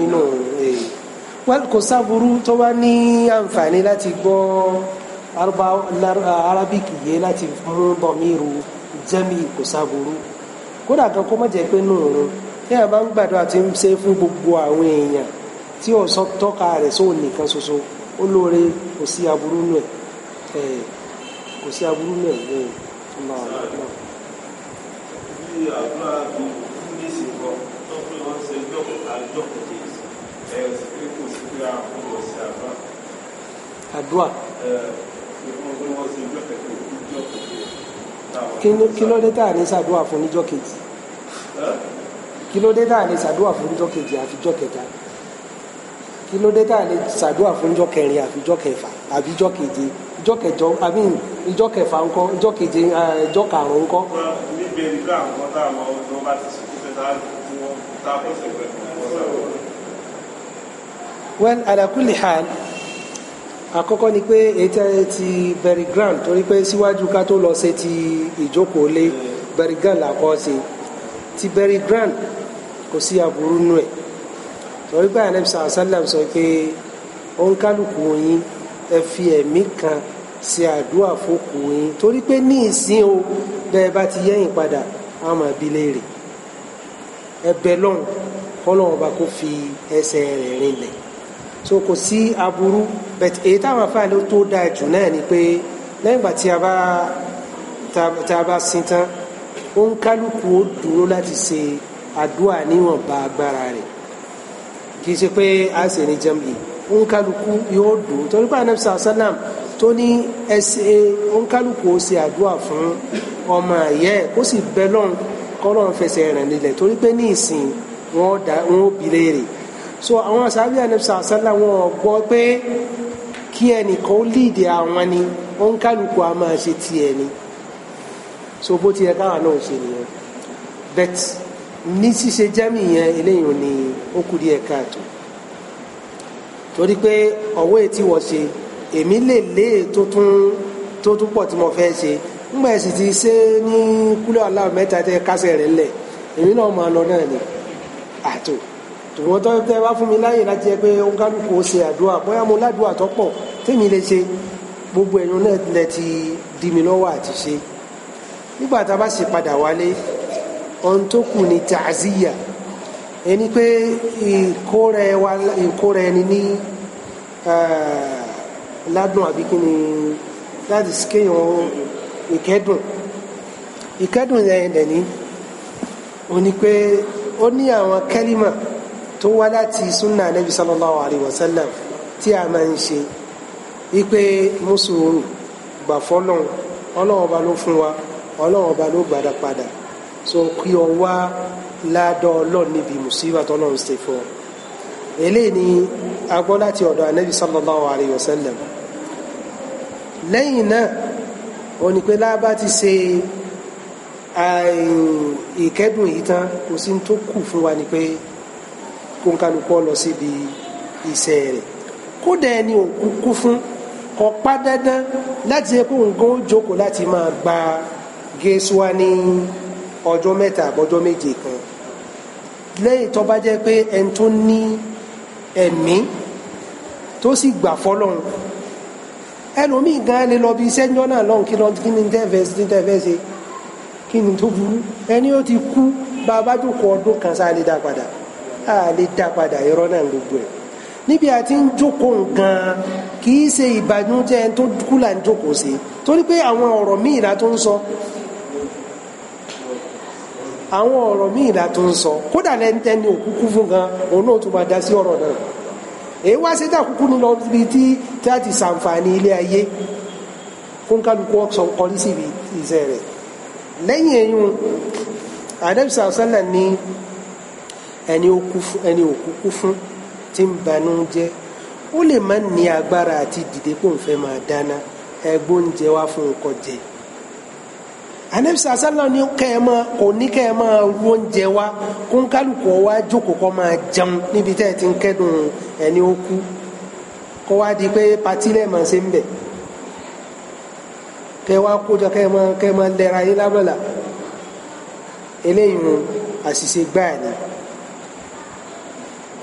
nínú èyí. Eh, kò sáburú tó bá ní àǹfààní láti gbọ́ arabic yé láti mú bọ̀míru jẹ́mi kò sáburú kódà kan kó má pé a bá ń gbàdúrà tí ń ṣe fún gbogbo àwọn èèyàn tí ò sọ tọ́ka rẹ̀ nìkan ṣoṣo àdúà kí ló dé tá à ní ṣàdúà fún níjọ́ kejì kí ló dé tá à ní ṣàdúà fún níjọ́ kejì àfijọ́ kẹta kí ló dé tá à ní ṣàdúà fún níjọ́ kẹrin àfijọ́ kẹfà àbíjọ́ keje ìjọ́ kẹjọ àbí ìjọ́ kẹfà ńkọ́ ìjọ́ keje ìjọ́ karùn-ún níbi ẹni pé àwọn kan tá a mọ ọdún bá ti sùn kí fẹ́ tá a fẹsẹ̀ pẹ̀lú ọ̀sẹ̀ wọn well ala kulli hal akoko ni pé ètò ti very grand Tori pé síwájú ká tó lọ ṣe ti ìjókòó lé very grand làkọ́ ṣe ti very grand kò sí aburú nù ẹ̀ torí pé anabi sàlá sàlám sọ pé ònkálùkù yín ẹ fi ẹ̀mí kan ṣe àdúrà fókù yín torí pé ní ìsìn o bẹ́ẹ̀ bá ti yẹ̀yìn padà á máa bi léèrè ẹ bẹ lọ́hùn ọba kó fi ẹsẹ̀ rẹ̀ rinlẹ̀ so kò sí aburú but èyí táwọn afáàní ló tó dáa jù náà ni pé lẹ́yìn ìgbà tí a bá tá a bá sin tán ó ń kálukú ó dúró láti ṣe àdúrà níwọ̀nba agbára rẹ̀ kì í ṣe pé a ṣe ní jẹ́mbì ó ń kálukú yóò dùn torí pé anamsa salam tó ní ẹsẹ ó ń kálukú ó ṣe àdúrà fún ọmọ ẹ̀yẹ ó sì bẹ lọ́n kọ́ lọ́n fẹsẹ̀ rẹ̀ nílẹ̀ torí pé ní ìsìn wọn ó bi léèrè so àwọn sábẹ́ ànẹ́bísà sálà wọn gbọ́ pé kí ẹnìkan ó líìdì àwọn ni wọn ń kálukú a máa ṣe tiẹ̀ ni so bó ti yẹ káwọn náà ṣe nìyẹn bet ní ṣíṣe jẹ́mì yẹn eléyìí ni ó kù díẹ̀ káàtó torí pé ọ̀wọ́ ètí wọ́n ṣe èmi lè lé tó tún tó tún pọ̀ tí mo fẹ́ ṣe ńgbà ẹ̀sìn ti ṣe ní kúlọ̀ aláwọ̀ mẹ́ta tẹ kásẹ̀ rẹ̀ lẹ̀ èmi náà máa lọ náà ni àtò. Ah, tòun tó tẹ wá fún mi láyè láti ẹ pé onkaluku ó ṣe àdúrà bóyá mo ládùúà tó pọ̀ tèmi lè ṣe gbogbo ẹ̀yìn náà lẹ ti di mi lọ́wọ́ àti ṣe nígbà tá a bá sì padà wálé ohun tó kù ni tàzíyà ẹni pé ìkóra ẹni ní eh, ládùn àbí kí ni láti kéèyàn ìkẹ́dùn ìkẹ́dùn ẹ̀yìn dẹ̀ ní o ní pé ó ní àwọn kẹ́límà tó wá láti sunna anabi sallallahu alayhi wa sallam tí a máa ń ṣe wípé mùsùlùmí gbà fọlọ́n ọlọ́run ọba ló fún wa ọlọ́run ọba ló gbàdá padà so kí ọ wá ládọ́ ọlọ́run níbi mùsíbà tọ́lọ́run ṣe fún ọ eléyìí ni a gbọ́ láti ọ̀dọ̀ anabi sallallahu alayhi wa sallam lẹ́yìn náà ó ní pé lábá ti ṣe ìkẹ́dùn yìí tán kò sí tó kù fún wa ni pé kó ń kálukọ́ lọ síbi iṣẹ́ rẹ̀ kódà ẹni òkú kú fún kò pa dandan láti ṣe kó nǹkan ó jókòó láti máa gba géṣuá ní ọjọ́ mẹ́ta àbọ̀jọ́ méje kan lẹ́yìn tó bá jẹ́ pé ẹni tó ní ẹ̀mí tó sì gbà fọlọ́run ẹlòmíì gan lè lọ bí iṣẹ́ ńjọ́ náà lọ́hùn kí lọ kí ni tẹ́fẹ̀ẹ́sì ní tẹ́fẹ̀ẹ́sì kí ni tó burú ẹni ó ti kú bá a ọdún kan sáà lè dá padà a lè dá padà irọ́ náà gbogbo ẹ̀ níbi àti ń jókòó nǹkan kì í ṣe ìbànújẹ́ tó kú là ń jókòó sí torí pé àwọn ọ̀rọ̀ míì la tó ń sọ àwọn ọ̀rọ̀ míì la tó ń sọ kódà lẹ́ntẹ́ni òkúkú fún gan òun náà tún máa dá sí ọ̀rọ̀ náà èyí wá sí dàkúkú ní lọ bí tí tí sàǹfààní ilé ayé fún kálukú ọ̀sán kọrí síbi iṣẹ́ lẹ́yìn eyín àdẹ́bísà ọ̀sán náà ní ẹni òkú fún ẹni òkú kú fún tí ń banú jẹ́ ó lè má ní agbára àti dìde kó n fẹ́ máa dáná ẹgbóúnjẹ wá fún nǹkan jẹ anabisa asálà ni kẹẹmọ kò ní kẹẹmọ ru oúnjẹ wa kó ń kálukú wa jókòó kó máa jẹun níbi tẹ́ ẹ ti ń kẹ́dùn ẹni ó kó wá di pé patí lẹ́ẹ̀mọ ṣe ń bẹ̀ kẹ wá kójọ kẹẹmọ kẹẹmọ lẹ́ra yín lábẹ́là eléyìí àṣìṣe gbáà ni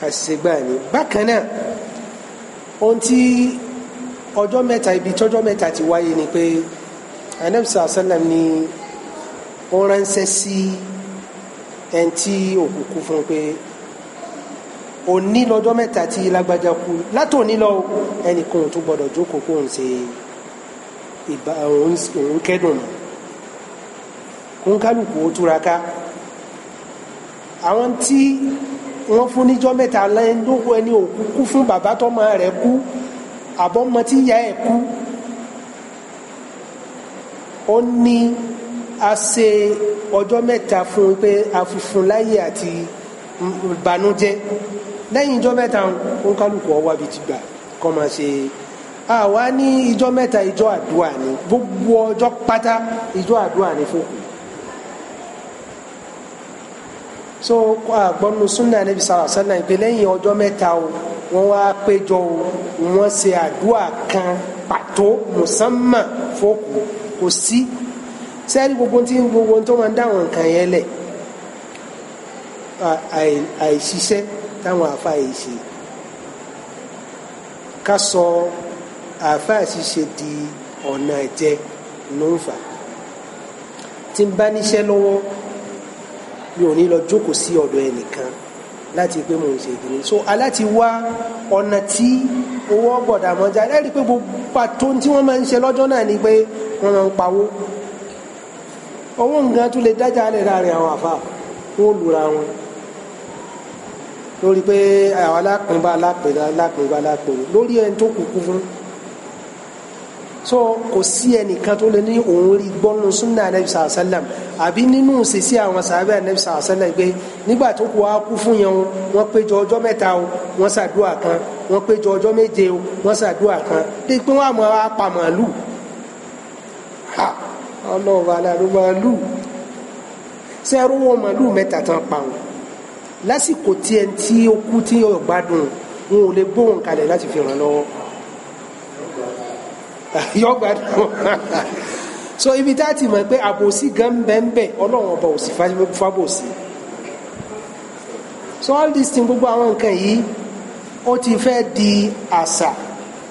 àṣìṣègbà ni bákan náà ohun tí ọjọ́ mẹ́ta ibi tọ́jọ́ mẹ́ta ti wáyé ni pé anamsa asalam ni ó ránṣẹ́ sí ẹni tí òkú kú fún pé òní lọ́jọ́ mẹ́ta tí lágbájá kú látòní lọ ẹnìkan tó gbọ́dọ̀ jókòó kó ń ṣe òun kẹ́dùn mọ́ kó ń kálukú ó túraká àwọn tí wọ́n fún níjọ́ mẹ́ta lẹ́yìn tó wọ ẹni òkú kú fún bàbá tọ́mọ rẹ̀ kú àbọ̀mọ tí ìyá ẹ̀ kú ó ní a ṣe ọjọ́ mẹ́ta fún pé a fi fún àti bànújẹ́ lẹ́yìn ìjọ́ mẹ́ta ń kálukú ọwọ́ ti gbà kọ́ máa ṣe àwa ní ìjọ́ mẹ́ta ìjọ́ àdúrà ni gbogbo ọjọ́ pátá ìjọ́ àdúrà ni fún so àgbọ̀nù sunna anabi sàrà sàlà ìpè lẹ́yìn ọjọ́ mẹ́ta o wọ́n wá péjọ o wọ́n ṣe àdúrà kan pàtó musamman fókù kò sí sẹ́ẹ̀rì gbogbo tí gbogbo tó máa ń dáhùn nǹkan yẹn lẹ̀ àìṣiṣẹ́ táwọn àfa yìí ṣe ká sọ àfa ṣiṣe di ọ̀nà ẹ̀jẹ̀ ló ń fà tí n bá níṣẹ́ lọ́wọ́ mi ò ní lọ jókòó sí ọ̀dọ̀ ẹnìkan láti pé mò ń ṣe ìdílé so aláti wá ọ̀nà tí owó ọ̀gbọ̀dà mọ́jà ẹ̀rí pé gbogbo pàtó tí wọ́n máa ń ṣe lọ́jọ́ náà ni pé wọ́n máa ń pawó owó nǹkan tún lè dájà alẹ́ láàrin àwọn àfa wọ́n lura wọn lórí pé àwọn alápínbá alápínbá alápínbá lórí ẹni tó kúkú fún so kò sí ẹnìkan tó lè ní òun rí gbọ́nù súnà anabi sàlá sàlám àbí nínú sèse àwọn sàbẹ̀ anabi sàlá sàlám pé nígbà tó kù á kú fún yẹn o wọ́n péjọ ọjọ́ mẹ́ta o wọ́n ṣàdúrà kan wọ́n péjọ ọjọ́ méje o wọ́n ṣàdúrà kan dé pé wọ́n á mọ apàmọ̀lù ha ọlọ́ọ̀bà alárúmọ̀lù sẹ́rù wọn màlúù mẹ́ta tán pa wọn lásìkò tí ẹni tí ó kú tí ó gbádùn wọn ò lè gbóhùn kalẹ̀ láti fi ràn lọ́wọ́ yọ gbádùn so ibi tá a ti mọ̀ pé àbòsí gan bẹ́ẹ̀ ọlọ́run ọba òsì fábòsí so all these things gbogbo àwọn nǹkan yìí ó ti fẹ́ di àṣà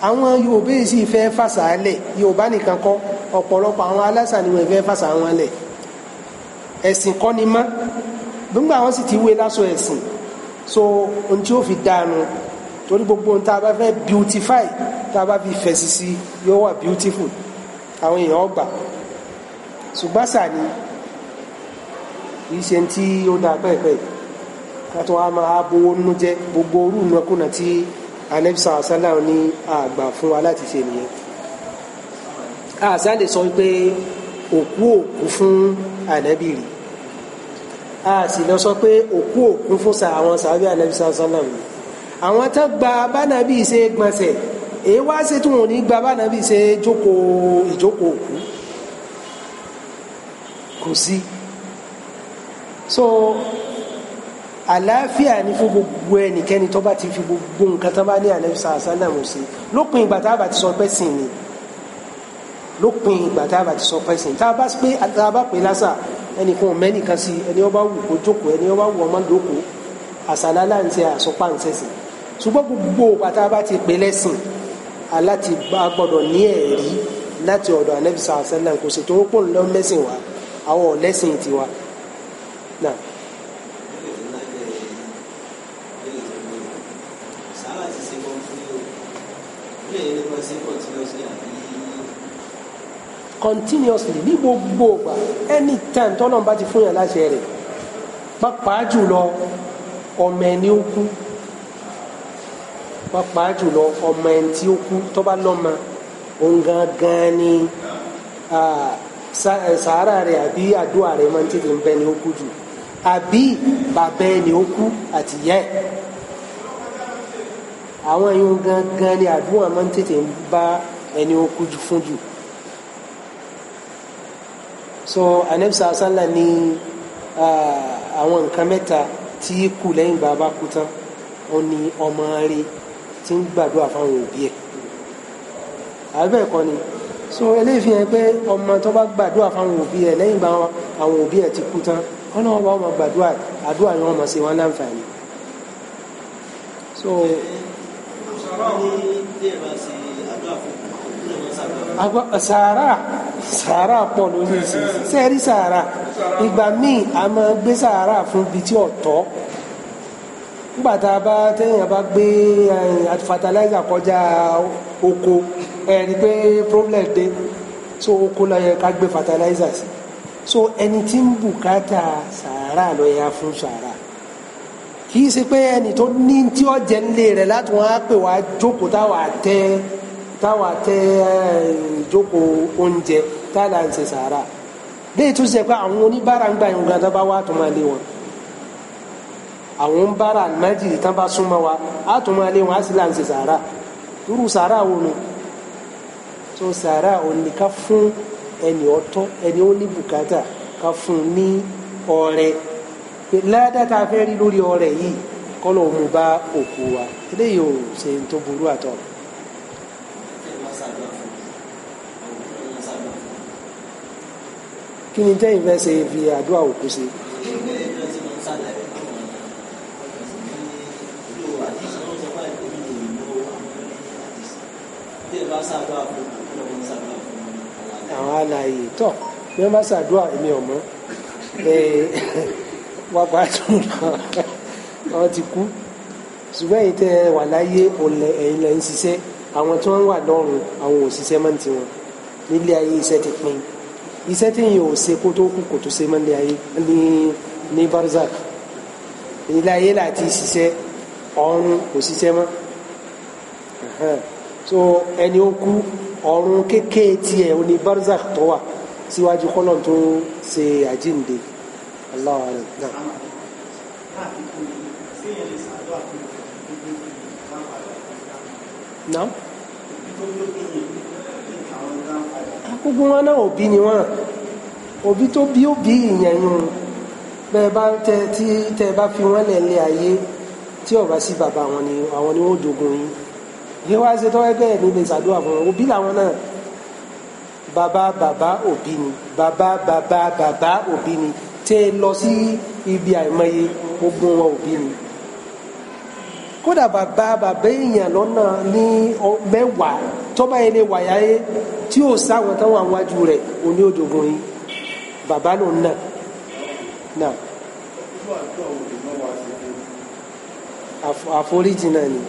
àwọn yorùbá yìí sì fẹ́ fàṣà lẹ̀ yorùbá nìkan kọ́ ọ̀pọ̀lọpọ̀ àwọn aláṣà ni wọ́n fẹ́ fàṣà wọn lẹ̀ ẹ̀sìn kọ́ ni mọ́ nígbà wọn sì ti wé lásọ ẹ̀sìn so ohun tí ó fi dánu torí gbogbo ohun tá a bá fẹ́ beautify tába fi fẹ̀sì si yóò wà beautiful àwọn èèyàn ọgbà ṣùgbọ́n sà ni kì í ṣe tí ó dáa pẹ́ẹ́pẹ́ẹ́ kátó wa máa bowó nínú jẹ́ gbogbo orú ìnákúnà tí anabisa asálà ní àgbà fún wa láti ṣe nìyẹn àṣà sọ pé òkú òkú fún ànábì rí a sì lọ sọ pé òkú òkú fún àwọn sàábì ànábì sàlám àwọn tó gba bánábì ṣe gbọ̀nsẹ̀ èyí wá ṣe tí wọn ò ní gba bánàbí ṣe jókòó ìjókòó òkú kò sí so àlàáfíà ni fún gbogbo ẹnikẹ́ni tó bá ti fi gbogbo nǹkan tó bá ní ànábì sàásálàmù sí lópin ìgbà tá ti sọ pé sìn ni lópin ìgbà tá a bá ti sọ pé sìn tá a bá pé tá a bá pè lásà ẹnìkan ò mẹ́nìkan sí ẹni ó bá wù kó jókòó ẹni ó bá wù ọmọ lóko àṣàlá láǹṣẹ àṣọpá ń ṣẹ̀sìn ṣùgbọ́n gbogbo ìgbà tá ti pè lẹ́sìn aláti bá gbọ́dọ̀ ní ẹ̀rí láti ọ̀dọ̀ anabi sallallahu alaihi wasallam kò sì tó ń pò lọ mẹ́sìn wa àwọn ọ̀lẹ́sìn tiwa. náà continuously ní gbogbo ọgbà time, tọ́lọ́mbà ti fún yàn láṣẹ rẹ̀ pàápàá jùlọ ọmọ ẹni ó kú pàápàá jùlọ ọmọ ẹni tí ó kú tó bá lọ́mọ òun gangan ni sàárà rẹ̀ àbí àdúrà rẹ̀ máa ń tètè ń bẹ ni ó kú jù àbí bàbá ẹni ó kú àti ìyá àwọn ẹyin gangan ni àdúrà máa ń tètè ń bá ẹni ó kú jù fún jù so anabisa asala ni àwọn nǹkan mẹ́ta tí kù lẹ́yìn bàbá kú tán ó ní ọmọ rẹ̀ tí ń gbàdúrà fáwọn òbí ẹ̀ àbẹ́ẹ̀kọ́ ni so eléyìí fi hàn pé ọmọ tó bá gbàdúrà fáwọn òbí ẹ̀ lẹ́yìn ìgbà àwọn òbí ẹ̀ ti kú tán wọn náà wọ́n máa gbàdúrà àdúrà ni wọ́n máa ṣe wọn láǹfààní so. sàárà sàárà pọ̀ lórí ìsìn sẹ́ẹ̀rí sàárà ìgbà míì a máa gbé sàárà fún ibi tí ọ̀tọ̀ nígbà tá a bá téèyàn bá gbé fertilizer kọjá oko ẹni pé problem dé so oko la yẹ ká gbé fertilizer sí so ẹni tí ń bùkátà sàárà lọ yẹ fún sàárà kì í ṣe pé ẹni tó ní tí ó jẹ nílé rẹ láti wọn á pè wá jókòó táwa tẹ táwa tẹ ìjókòó oúnjẹ táwa ń ṣe sàárà léyìí tó ṣe pé àwọn oníbàárà ń gbà yín ganan tó bá wà tó máa lé wọn àwọn ń bára àlùmájìrì tán bá súnmọ́ wa á tún máa lé wọn á sì là ń ṣe sàárà irú sàárà wo ni tó sàárà òníká fún ẹni ọ̀tọ̀ ẹni ó ní bùkátà ká fún un ní ọrẹ ládàá tá a fẹ́ rí lórí ọrẹ yìí kọ́lọ̀ mu bá òkú wa eléyìí ò ṣe tó burú àtọ̀. kí ni tẹ́yìn fẹ́ ṣe fi àdúrà òkú ṣe. bá ṣàdúrà fún ọlọ́run ṣàdúrà fún àwọn alààyè tọ bí wọn bá ṣàdúrà èmi ọmọ wà gbàdúrà wọn ti kú ṣùgbọ́n èyí tẹ wà láyé ẹ̀yin lẹ́ ń ṣiṣẹ́ àwọn tí wọ́n wà lọ́run àwọn òṣìṣẹ́ máa ń tiwọn nílé ayé iṣẹ́ ti pín iṣẹ́ tí yìí ò ṣe kó tó kú kò tó ṣe máa ń lé ayé ní ní barzak ilé ayé láti ṣiṣẹ́ ọ̀run kò ṣiṣẹ́ mọ́ so ẹni o kú ọ̀run kékeré tiẹ̀ ó ní barzakh tó wà síwájú kọ́lọ̀ tó ṣe àjíǹde aláwọ̀ rẹ̀ náà. Nam? Gbogbo wọn náà òbí ni wọ́n. Òbí tó bí òbí ìyẹ̀yùn bẹ́ẹ̀ bá tẹ tí tẹ bá fi wọ́n lẹ̀ lé ayé tí ó sí bàbá wọn ni àwọn ni wọ́n jogun yín yẹ wá ṣe tọ́wọ́ ẹgbẹ́ mi lè ṣàdúrà fún wọn òbí làwọn náà bàbá bàbá òbí ni bàbá bàbá bàbá òbí ni tẹ́ ẹ lọ sí ibi àìmọye gbogbo wọn òbí ni kódà bàbá bàbá èèyàn lọ́nà ní mẹ́wàá tọ́ba yẹn lè wàyà yẹ tí yóò sáwọn táwọn àwájú rẹ̀ òní òjògùn yìí bàbá lòun náà náà àforíjì náà ni. Nah.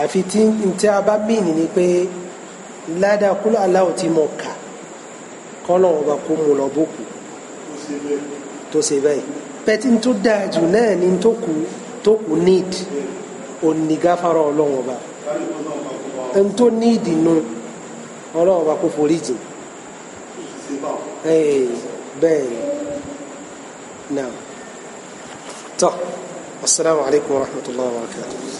àfi tí tí a bá mìíní ni pé ládàá kúlọ̀ aláwọ̀ tí mo kà kọ́lọ̀ ọba kó mu lọ bókù tó ṣe bẹ́ẹ̀ pẹ́tí tó dáa jù náà ni tó kù tó kù need onígáfárà ọlọ́wọ̀n ọba n tó need nu ọlọ́wọ̀n ọba kó forí jìn bẹ́ẹ̀ ni náà tọ́ asalaamualeykum wa rahmatulah wa rahmatulah.